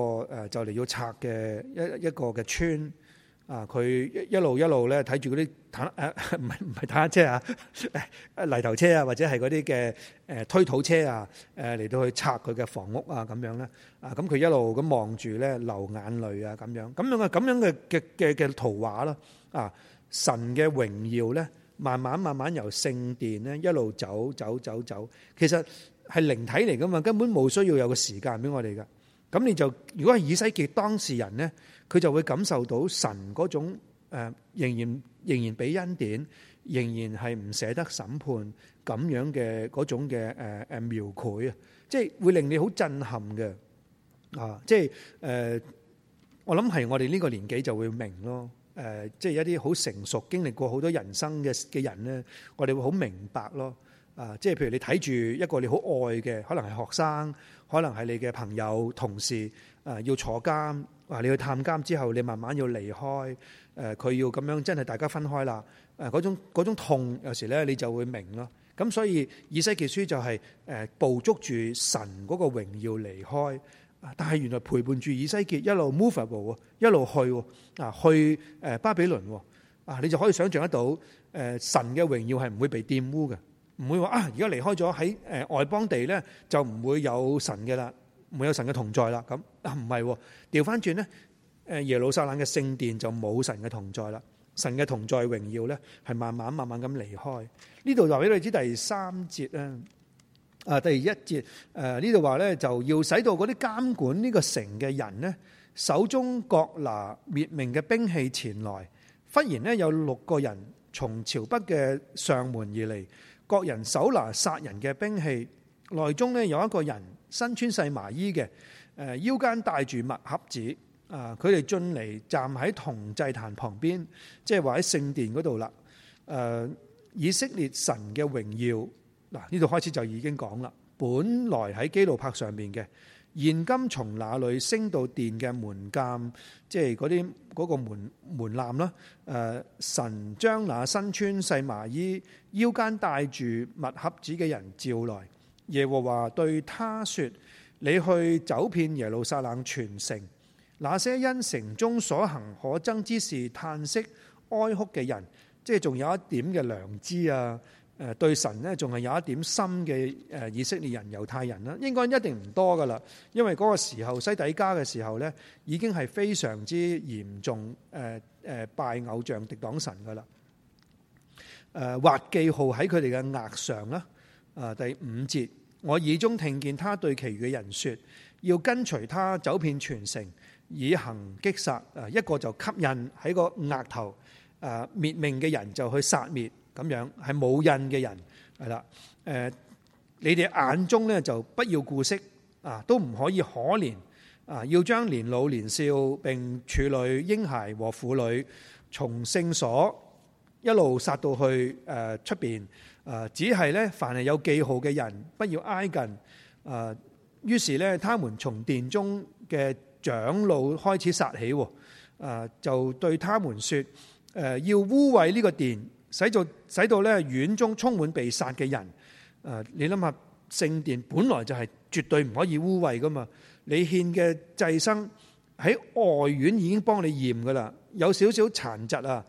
誒就嚟要拆嘅一一個嘅村啊！佢一路一路咧睇住嗰啲坦，誒唔係唔係坦克車啊，泥頭車啊，或者係嗰啲嘅誒推土車啊，誒嚟到去拆佢嘅房屋啊咁樣咧啊！咁佢、啊、一路咁望住咧流眼淚啊咁樣，咁樣嘅咁樣嘅嘅嘅嘅圖畫啦啊！神嘅榮耀咧，慢慢慢慢由聖殿咧一路走走走走，其實。係靈體嚟噶嘛，根本冇需要有個時間俾我哋噶。咁你就如果係以西結當事人咧，佢就會感受到神嗰種誒、呃，仍然仍然俾恩典，仍然係唔捨得審判咁樣嘅嗰種嘅誒誒描繪啊，即係會令你好震撼嘅啊！即係誒，我諗係我哋呢個年紀就會明白咯。誒、呃，即係一啲好成熟、經歷過好多人生嘅嘅人咧，我哋會好明白咯。啊！即係譬如你睇住一個你好愛嘅，可能係學生，可能係你嘅朋友、同事啊、呃，要坐監啊、呃。你去探監之後，你慢慢要離開誒，佢、呃、要咁樣真係大家分開啦。誒、呃、嗰種嗰種痛有時咧，你就會明咯。咁所以以西結書就係、是、誒、呃、捕捉住神嗰個榮耀離開，但係原來陪伴住以西結一路 movable 一路去啊，去誒、呃、巴比倫啊，你就可以想象得到誒、呃、神嘅榮耀係唔會被玷污嘅。唔會話啊！如果離開咗喺誒外邦地咧，就唔會有神嘅啦，唔會有神嘅同在啦。咁啊，唔係調翻轉咧，誒耶路撒冷嘅聖殿就冇神嘅同在啦。神嘅同在榮耀咧，係慢慢慢慢咁離開呢度。留俾你知第三節咧，啊第一節誒呢度話咧，就要使到嗰啲監管呢個城嘅人呢，手中各拿滅命嘅兵器前來。忽然咧，有六個人從朝北嘅上門而嚟。各人手拿殺人嘅兵器，內中呢有一個人身穿細麻衣嘅，誒腰間帶住墨盒子，啊！佢哋進嚟站喺銅祭壇旁邊，即係話喺聖殿嗰度啦。誒、呃，以色列神嘅榮耀，嗱呢度開始就已經講啦。本來喺基路柏上面嘅。現今從哪裏升到殿嘅門,、那個、門,門檻，即係嗰啲嗰個門門檻啦？誒，神將那身穿細麻衣、腰間帶住墨盒子嘅人召來。耶和華對他説：你去走遍耶路撒冷全城，那些因城中所行可憎之事嘆息哀哭嘅人，即係仲有一點嘅良知啊！誒對神咧，仲係有一點心嘅誒以色列人、猶太人啦，應該一定唔多噶啦，因為嗰個時候西底加嘅時候呢已經係非常之嚴重誒誒、呃呃、拜偶像敵黨神的、敵擋神噶啦。誒畫記號喺佢哋嘅額上啦。誒、呃、第五節，我耳中聽見他對其餘嘅人説：要跟隨他走遍全城，以行擊殺。誒、呃、一個就吸引喺個額頭，誒、呃、滅命嘅人就去殺滅。咁樣係冇印嘅人係啦。誒、呃，你哋眼中呢就不要顧惜啊，都唔可以可憐啊。要將年老年少並處女嬰孩和婦女從聖所一路殺到去誒出邊誒。只係呢，凡係有記號嘅人，不要挨近啊。於是呢，他們從殿中嘅長老開始殺起啊，就對他們説：誒、呃、要污穢呢個殿。使到使到咧院中充滿被殺嘅人，誒！你諗下聖殿本來就係絕對唔可以污穢噶嘛？你獻嘅祭牲喺外院已經幫你驗噶啦，有少少殘疾啊，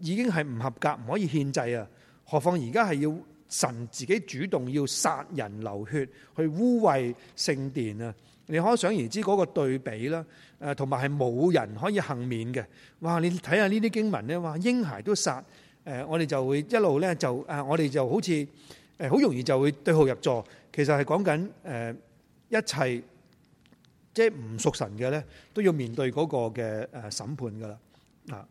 已經係唔合格，唔可以獻祭啊！何況而家係要神自己主動要殺人流血去污穢聖殿啊！你可想而知嗰個對比啦，誒，同埋係冇人可以幸免嘅。哇！你睇下呢啲經文咧，哇！嬰孩都殺。誒、呃，我哋就會一路咧就誒、呃，我哋就好似誒，好、呃、容易就會對號入座。其實係講緊誒，一切，即係唔屬神嘅咧，都要面對嗰個嘅誒審判噶啦。啊，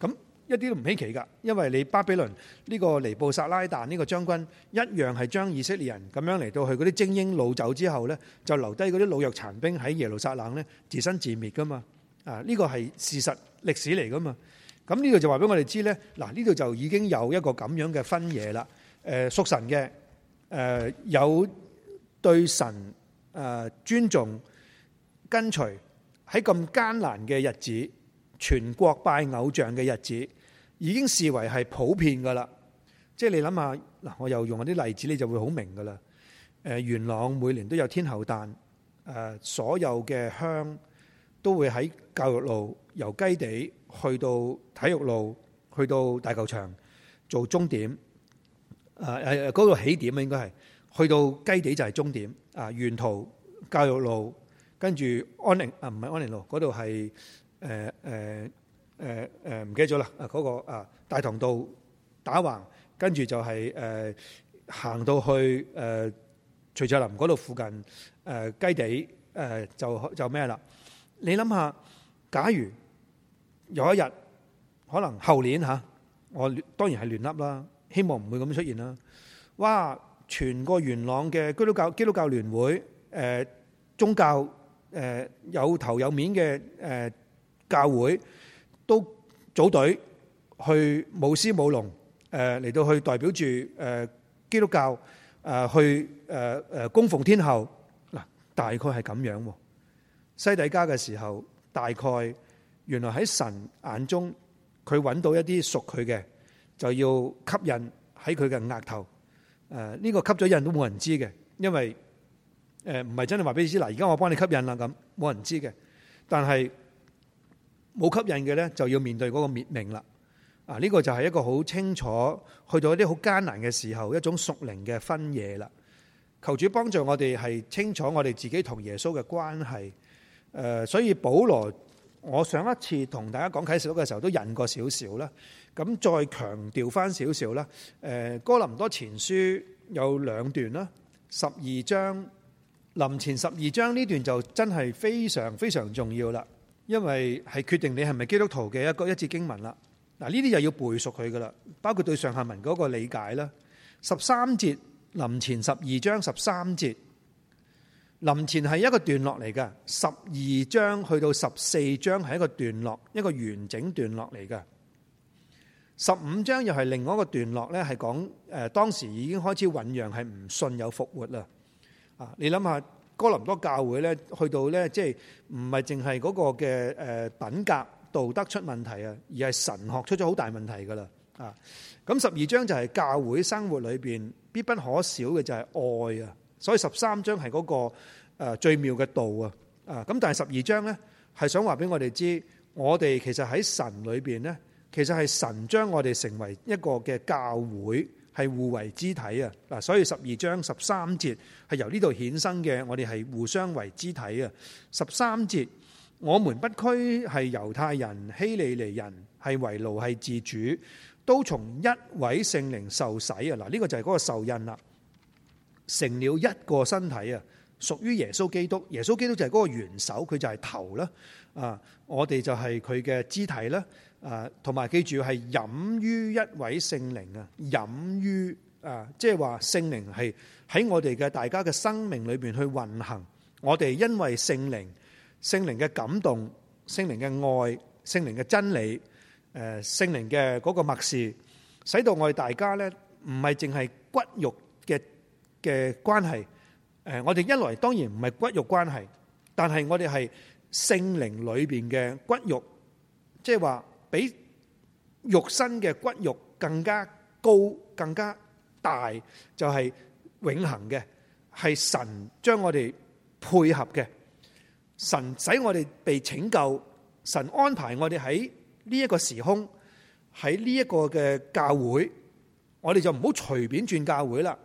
咁一啲都唔稀奇噶，因為你巴比倫呢、呢個尼布撒拉旦呢個將軍一樣係將以色列人咁樣嚟到去嗰啲精英擄走之後咧，就留低嗰啲老弱殘兵喺耶路撒冷咧自生自滅噶嘛。啊，呢個係事實歷史嚟噶嘛。咁呢度就話俾我哋知咧，嗱呢度就已經有一個咁樣嘅分野啦。誒、呃、屬神嘅，誒、呃、有對神誒、呃、尊重、跟隨，喺咁艱難嘅日子，全國拜偶像嘅日子，已經視為係普遍噶啦。即係你諗下，嗱，我又用啲例子，你就會好明噶啦。誒、呃、元朗每年都有天后誕，誒、呃、所有嘅香。都會喺教育路由雞地去到體育路，去到大球場做終點。啊啊！嗰個起點啊，應該係去到雞地就係終點。啊，沿途教育路，跟住安寧啊，唔係安寧路嗰度係誒誒誒誒，唔記得咗啦。啊，嗰個啊大棠道打橫，跟住就係誒行到去誒徐兆林嗰度附近誒雞地誒就就咩啦。你諗下，假如有一日，可能後年吓，我當然係亂凹啦，希望唔會咁出現啦。哇！全個元朗嘅基督教基督教聯會，誒，宗教誒，有頭有面嘅誒教會，都組隊去舞獅舞龍，誒嚟到去代表住誒基督教誒去誒誒供奉天后，嗱，大概係咁樣。西底家嘅時候，大概原來喺神眼中，佢揾到一啲屬佢嘅，就要吸引喺佢嘅額頭。誒，呢個吸咗印都冇人知嘅，因為誒唔係真係話俾你知，嗱，而家我幫你吸引啦咁，冇人知嘅。但係冇吸引嘅咧，就要面對嗰個滅命啦。啊，呢、呢個就係一個好清楚，去到一啲好艱難嘅時候，一種屬靈嘅分野啦。求主幫助我哋係清楚我哋自己同耶穌嘅關係。誒，所以保羅，我上一次同大家講啟示錄嘅時候都引過少少啦，咁再強調返少少啦。誒，哥林多前書有兩段啦，十二章林前十二章呢段就真係非常非常重要啦，因為係決定你係咪基督徒嘅一個一節經文啦。嗱，呢啲就要背熟佢噶啦，包括對上下文嗰個理解啦。十三節林前十二章十三節。林前係一個段落嚟㗎。十二章去到十四章係一個段落，一個完整段落嚟㗎。十五章又係另外一個段落咧，係講誒，當時已經開始醞釀，係唔信有復活啦。啊，你諗下哥林多教會咧，去到咧即係唔係淨係嗰個嘅誒品格道德出問題啊，而係神學出咗好大問題噶啦。啊，咁十二章就係教會生活裏邊必不可少嘅就係愛啊。所以十三章係嗰個最妙嘅道啊！啊咁，但係十二章呢，係想話俾我哋知，我哋其實喺神裏邊呢，其實係神將我哋成為一個嘅教會，係互為肢體啊！嗱，所以十二章十三節係由呢度衍生嘅，我哋係互相為肢體啊！十三節，我們不拘係猶太人、希利尼人，係為奴係自主，都從一位聖靈受洗啊！嗱，呢個就係嗰個受印啦。成了一個身體啊，屬於耶穌基督。耶穌基督就係嗰個元首，佢就係頭啦。啊，我哋就係佢嘅肢體啦。啊，同埋記住係飲於一位聖靈啊，飲於啊，即係話聖靈係喺我哋嘅大家嘅生命裏邊去運行。我哋因為聖靈，聖靈嘅感動，聖靈嘅愛，聖靈嘅真理，誒聖靈嘅嗰個默示，使到我哋大家呢唔係淨係骨肉嘅關係，誒，我哋一來當然唔係骨肉關係，但係我哋係聖靈裏邊嘅骨肉，即係話比肉身嘅骨肉更加高、更加大，就係永恆嘅，係神將我哋配合嘅，神使我哋被拯救，神安排我哋喺呢一個時空，喺呢一個嘅教會，我哋就唔好隨便轉教會啦。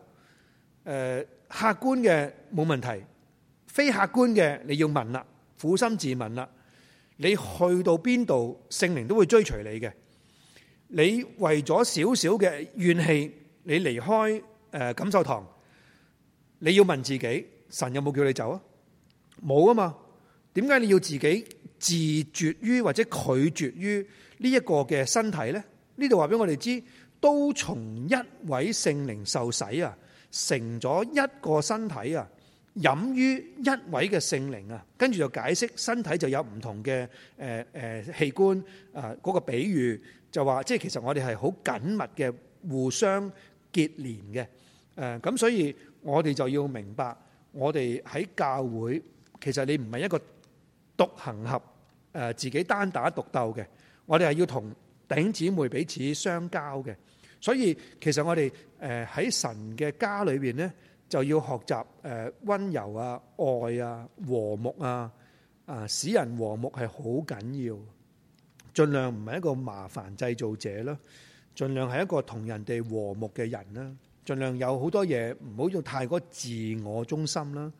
誒，客觀嘅冇問題，非客觀嘅你要問啦，苦心自問啦。你去到邊度，聖靈都會追隨你嘅。你為咗少少嘅怨氣，你離開誒錦繡堂，你要問自己，神有冇叫你走啊？冇啊嘛？點解你要自己自絕於或者拒絕於呢一個嘅身體咧？呢度話俾我哋知，都從一位聖靈受洗啊。成咗一個身體啊，飲於一位嘅聖靈啊，跟住就解釋身體就有唔同嘅誒誒器官啊嗰個比喻就話，即係其實我哋係好緊密嘅互相結連嘅誒，咁所以我哋就要明白，我哋喺教會其實你唔係一個獨行俠誒，自己單打獨鬥嘅，我哋係要同頂姊妹彼此相交嘅。所以，其實我哋誒喺神嘅家裏邊咧，就要學習誒温柔啊、愛啊、和睦啊啊，使人和睦係好緊要。儘量唔係一個麻煩製造者咯，儘量係一個同人哋和睦嘅人啦。儘量有好多嘢唔好用太過自我中心啦，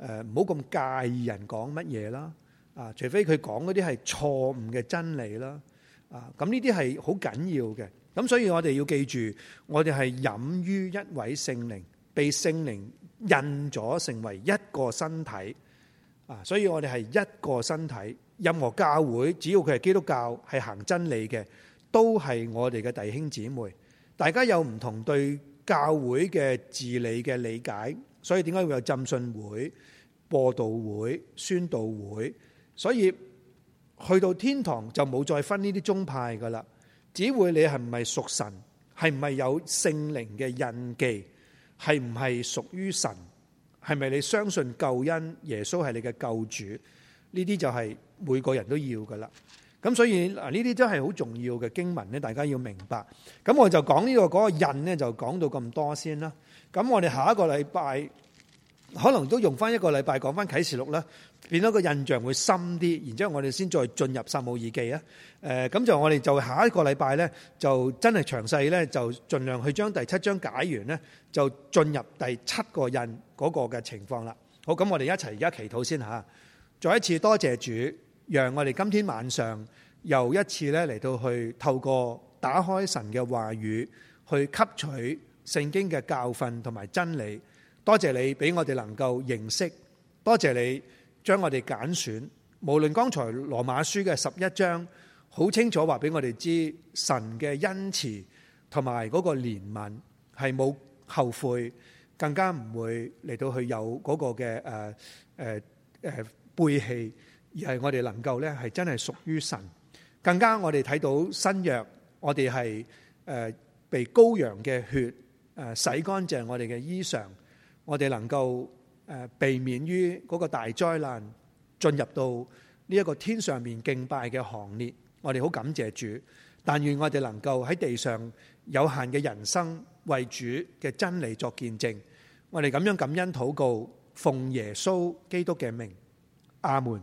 誒唔好咁介意人講乜嘢啦，啊，除非佢講嗰啲係錯誤嘅真理啦，啊，咁呢啲係好緊要嘅。咁所以我哋要記住，我哋係飲於一位聖靈，被聖靈印咗成為一個身體啊！所以我哋係一個身體。任何教會，只要佢係基督教，係行真理嘅，都係我哋嘅弟兄姊妹。大家有唔同對教會嘅治理嘅理解，所以點解會有浸信會、播道會、宣道會？所以去到天堂就冇再分呢啲宗派㗎喇。只會你係唔係屬神，係唔係有聖靈嘅印記，係唔係屬於神，係咪你相信救恩，耶穌係你嘅救主？呢啲就係每個人都要噶啦。咁所以嗱，呢啲真係好重要嘅經文咧，大家要明白。咁我就講呢個嗰個印咧，就講到咁多先啦。咁我哋下一個禮拜。可能都用翻一個禮拜講翻啟示錄啦，變咗個印象會深啲，然之後我哋先再進入撒母耳記啊。誒、呃，咁就我哋就下一個禮拜呢，就真係詳細呢，就盡量去將第七章解完呢，就進入第七個印嗰個嘅情況啦。好，咁我哋一齊而家祈禱先吓。再一次多謝主，讓我哋今天晚上又一次呢，嚟到去透過打開神嘅話語，去吸取聖經嘅教訓同埋真理。多謝你俾我哋能夠認識，多謝你將我哋揀選。無論剛才羅馬書嘅十一章，好清楚話俾我哋知神嘅恩慈同埋嗰個憐憫係冇後悔，更加唔會嚟到去有嗰個嘅誒誒誒背棄，而係我哋能夠咧係真係屬於神。更加我哋睇到新約，我哋係誒被羔羊嘅血誒、呃、洗乾淨我哋嘅衣裳。我哋能夠誒避免於嗰個大災難進入到呢一個天上面敬拜嘅行列，我哋好感謝主。但願我哋能夠喺地上有限嘅人生為主嘅真理作見證。我哋咁樣感恩禱告，奉耶穌基督嘅名，阿門。